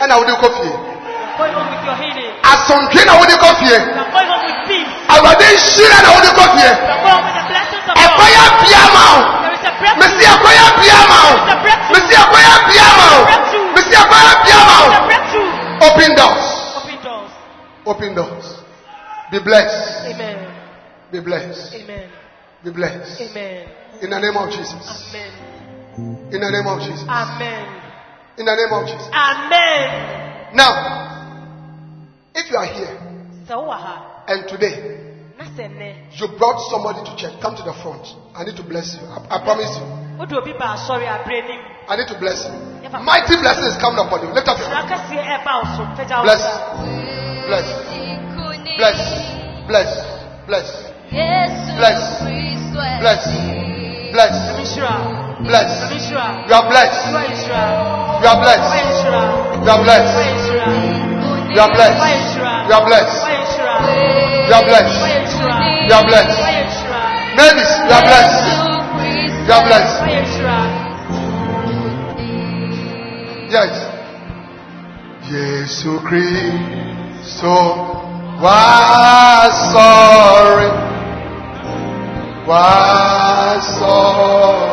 ɛna wode kɔ fie asomdwe na wode kɔ fie awurade nhyira na wode kɔ fie ɛkɔyɛ bia ma wo mesi ɛkɔyɛ bia ma wo mesi ɛkɔyɛ bia ma wo mesi ɛkɔyɛ bia ma wo open doors open doors be blessed amen be blessed amen be blessed amen in the name of jesus amen in the name of jesus amen In the name of Jesus. Amen. Now, if you are here and today eh? you brought somebody to church. Come to the front. I need to bless you. I, I promise you. I need to bless you. Mighty blessings coming upon you. Lift up your hand. Bless. Bless. Bless. Bless. Bless. Bless. Bless. Blessed. Blessed. You are blessed. You are blessed. You are blessed. You are blessed. You are blessed. You are blessed. You are blessed. you are blessed. You are blessed. Yes. Jesus Christ so why sorry. wá sọ. Oh.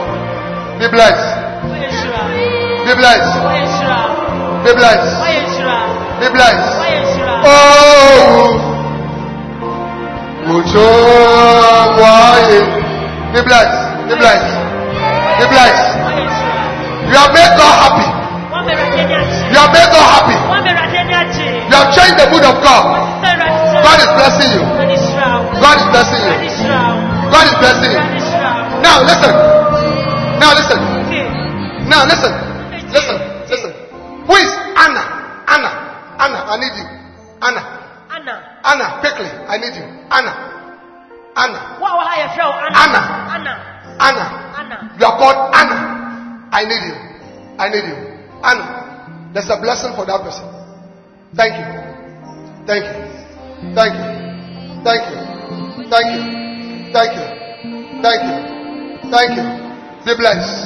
Be blessed. Be blessed. Be blessed. Be blessed. Oh, Mucho Waye. Be blessed. Be blessed. Be blessed. You have made God happy. You have made God happy. You have changed the mood of God. God is blessing you. God is blessing you. is blessing Now listen. Now listen. Now listen. Listen. Listen. Who is Anna? Anna. Anna. I need you. Anna. Anna. Anna. Quickly. I need you. Anna. Anna. Anna. Anna. Anna. Anna. You are called Anna. I need you. I need you. Anna. There's a blessing for that person. Thank you. Thank you. Thank you. Thank you. Thank you. Thank you. Thank you. Thank you. Be blessed.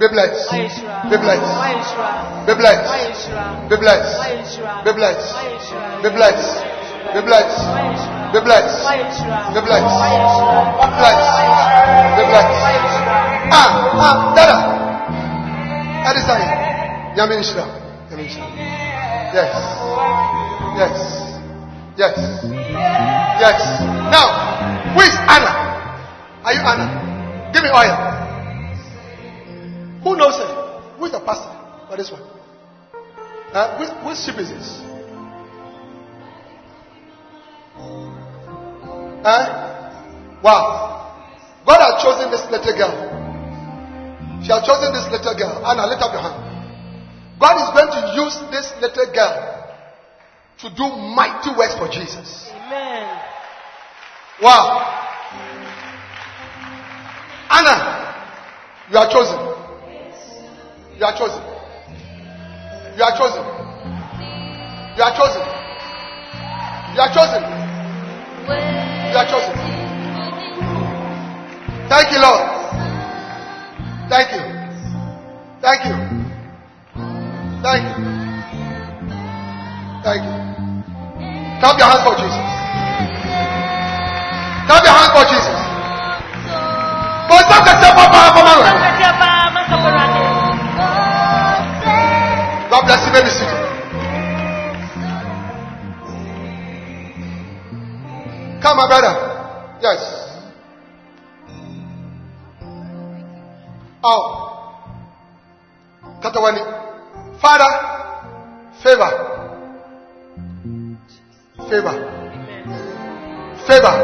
Be blessed. Be blessed. Be blessed. Be blessed. Be blessed. Be blessed. Be blessed. Be blessed. Be blessed. Be blessed. Be blessed. Ah, ah, dada. That is time. Yamin Yes. Yes. Yes. Yes. Now, who is Anna? Are you Anna? Give me oil. Who knows it? Who's the pastor for this one? Uh, which, which ship is this? Huh? Wow. God has chosen this little girl. She has chosen this little girl. Anna, lift up your hand. God is going to use this little girl to do mighty works for Jesus. Amen. Wow. Anna, you are chosen. You are chosen. You are chosen. You are chosen. You are chosen. You are chosen. Thank you, Lord. Thank you. Thank you. Thank you. Thank you. Clap your hands for Jesus. Clap your hands for Jesus. Bocah kecewa apa malah? God bless you, very baby. Come, my brother. Yes. Oh. Kata Father, favor. Favor. Favor.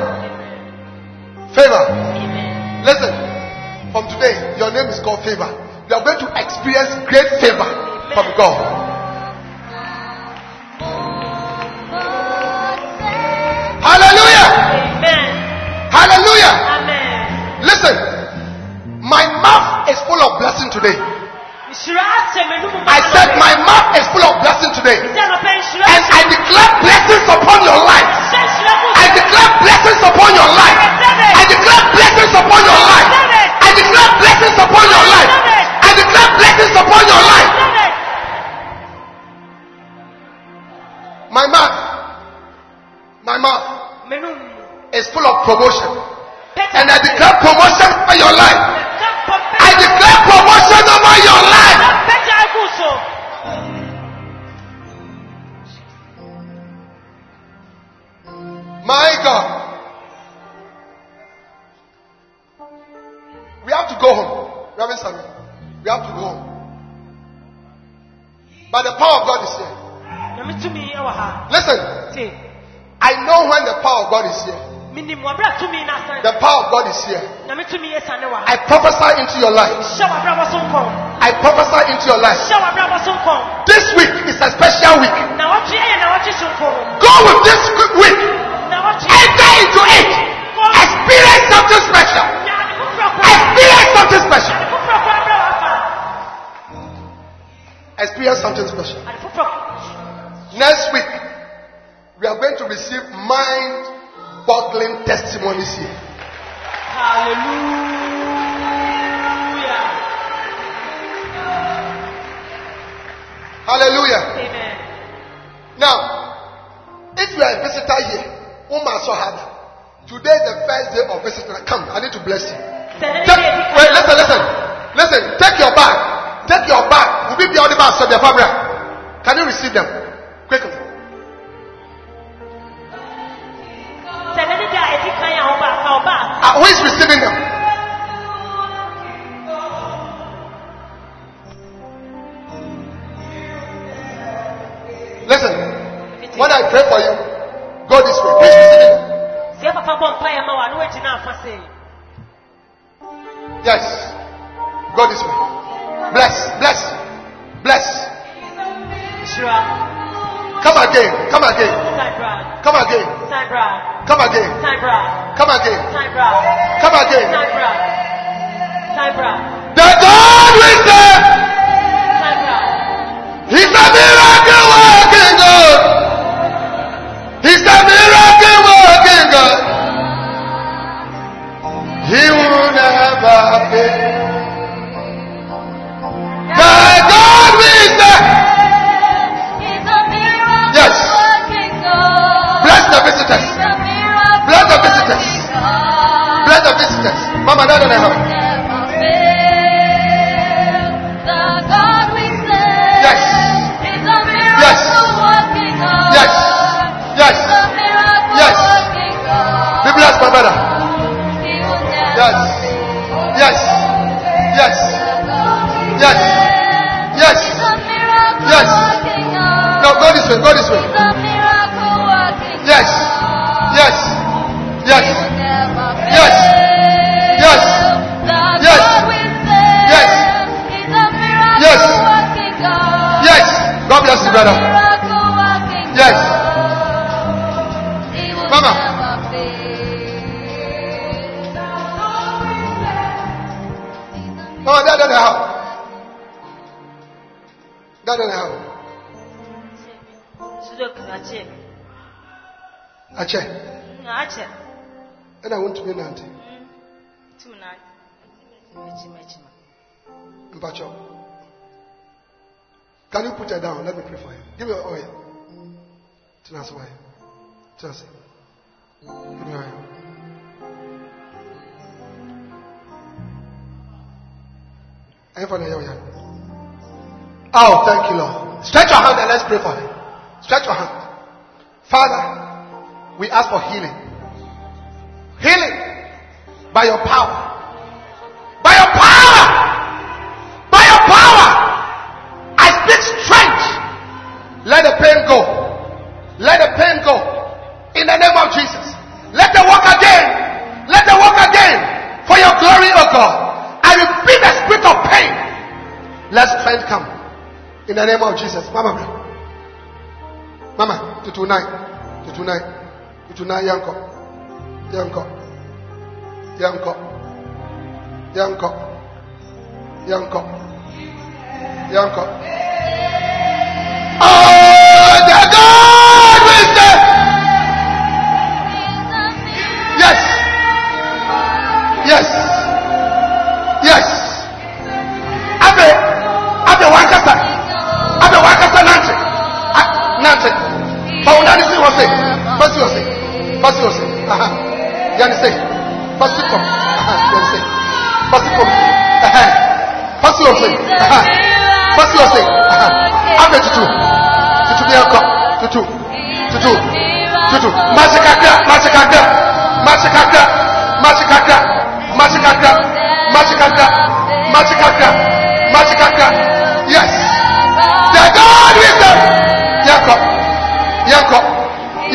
Favor. favor. Listen, from today, your name is called favor. You are going to experience great favor from God. Hallelujah! Amen. Hallelujah! Amen. Listen, my mouth is full of blessing today. I said, My mouth is full of blessing today. And I declare blessings upon your life. I declare blessings upon your life. I declare blessings upon your life. upon your life. My mouth, my mouth is full of promotion. And I declare promotion for your life. I declare promotion over your life. My God. We have to go home. Reverend Samuel, we have to go home. But the power of God is here. Listen. I know when the power of God is here. The power of God is here. I prophesy into your life. I prophesy into your life. This week is a special week. Go with this week. Enter into it. Experience something special. Experience something special. experience something special. Next week, we are going to receive mind boggling testimonies here. Hallelujah. Hallelujah. Amen. Now, if you are a visitor here, Umar Sohada, today is the first day of visitor. Come, I need to bless you. Take, wait, listen, listen. Listen, take your bag. Take your bag. bíbí àwọn ọdún sọ̀dẹ̀ fábíà can you receive them quickly. tẹ̀lé ní uh, who is receiving them. listen when i pray for you go this way who is receiving them. yes. Come again. Come again. Come again. Come again. Come again. Come again. The God with them. Oh, thank you, Lord. Stretch your hand and let's pray for him. Stretch your hand. Father, we ask for healing. Healing by your power. By your power. By your power. I speak strength. Let the pain go. Let the pain go. In the name of Jesus. Let the walk again. Let the walk again. For your glory, O oh God. I repeat the spirit of pain. Let strength come. In the name of Jesus. Mama. Mama, to tonight. To tonight. To tonight, Yanko. Yanko. Yanko. Yanko. Yanko. Yanko. Oh! bɛ tutu tutu bi ɛkɔ tutu tutu tutu masi kakra masi kakra masi kakra masi kakra masi kakra masi kakra masi kakra masi kakra yes the god wisdom yankɔ yankɔ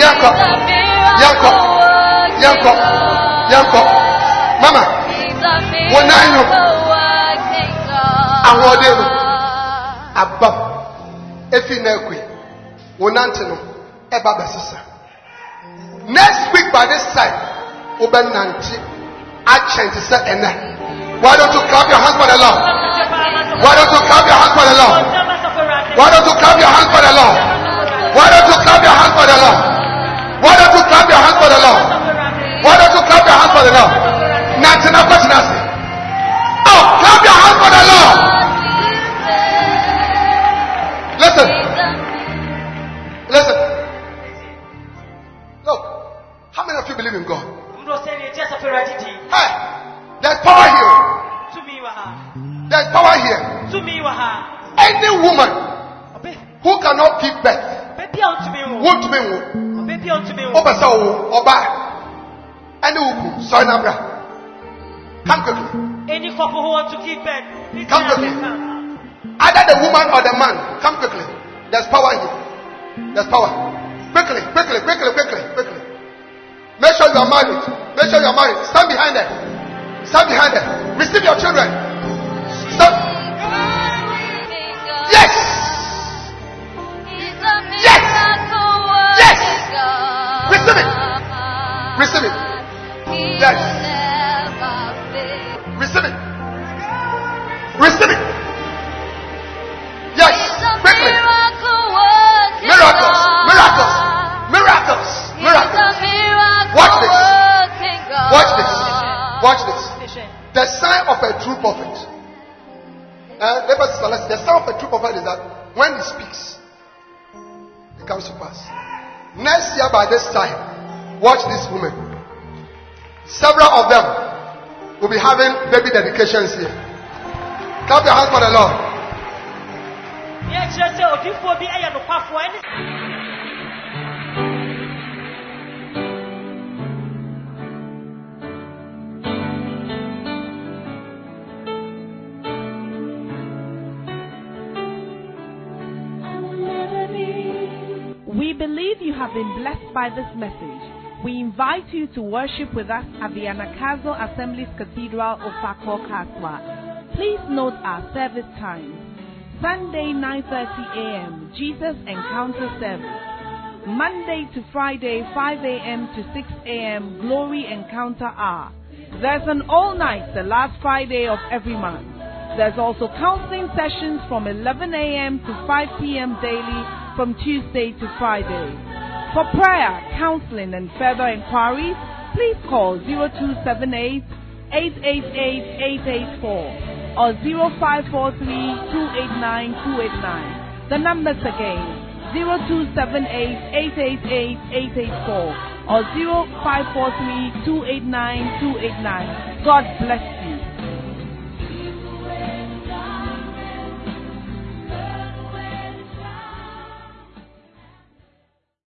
yankɔ yankɔ yankɔ yankɔ mama wɔn nan no ahoɔden no abam efi na ekwe no ɛba bɛsesa next week by this time wobɛ nante akyɛn te sɛ ɛnɛ why don't you clap your hands for the lord why don't you clap your hands for the lord why don't you clap your hands for the lord why don't you clap your hands for the lord why don't you clap your hands for the lord why don't you clap your hands for the lord nante na kɔtena oh clap your hands for the lord. There's power here. There's power here. Any woman who cannot give birth won't be wo. oba. Any woman, sorry, Nambra. Come quickly. Any couple who want to give birth, come quickly. Either the woman or the man, come quickly. There's power here. There's power. Quickly, quickly, quickly, quickly, quickly. Make sure you are married. Make sure you are married. Stand behind them. Stand behind them. Receive your children. Stand. Yes. Yes. Yes. Receive it. Receive it. Yes. Receive it. Receive it. true prophet. Uh, the sign of a true prophet is that when he speaks, it comes to pass. Next year by this time, watch this woman. Several of them will be having baby dedications here. Clap your hands for the Lord. believe you have been blessed by this message. We invite you to worship with us at the Anakazo Assemblies Cathedral of Fakokaswa. Please note our service times. Sunday 9:30 a.m. Jesus Encounter Service. Monday to Friday 5 a.m. to 6 a.m. Glory Encounter Hour. There's an all-night the last Friday of every month. There's also counseling sessions from 11 a.m. to 5 p.m. daily from Tuesday to Friday. For prayer, counseling, and further inquiries, please call 0278 888 884 or 0543 289 289. The numbers again 0278 888 884 or 0543 289 289. God bless you.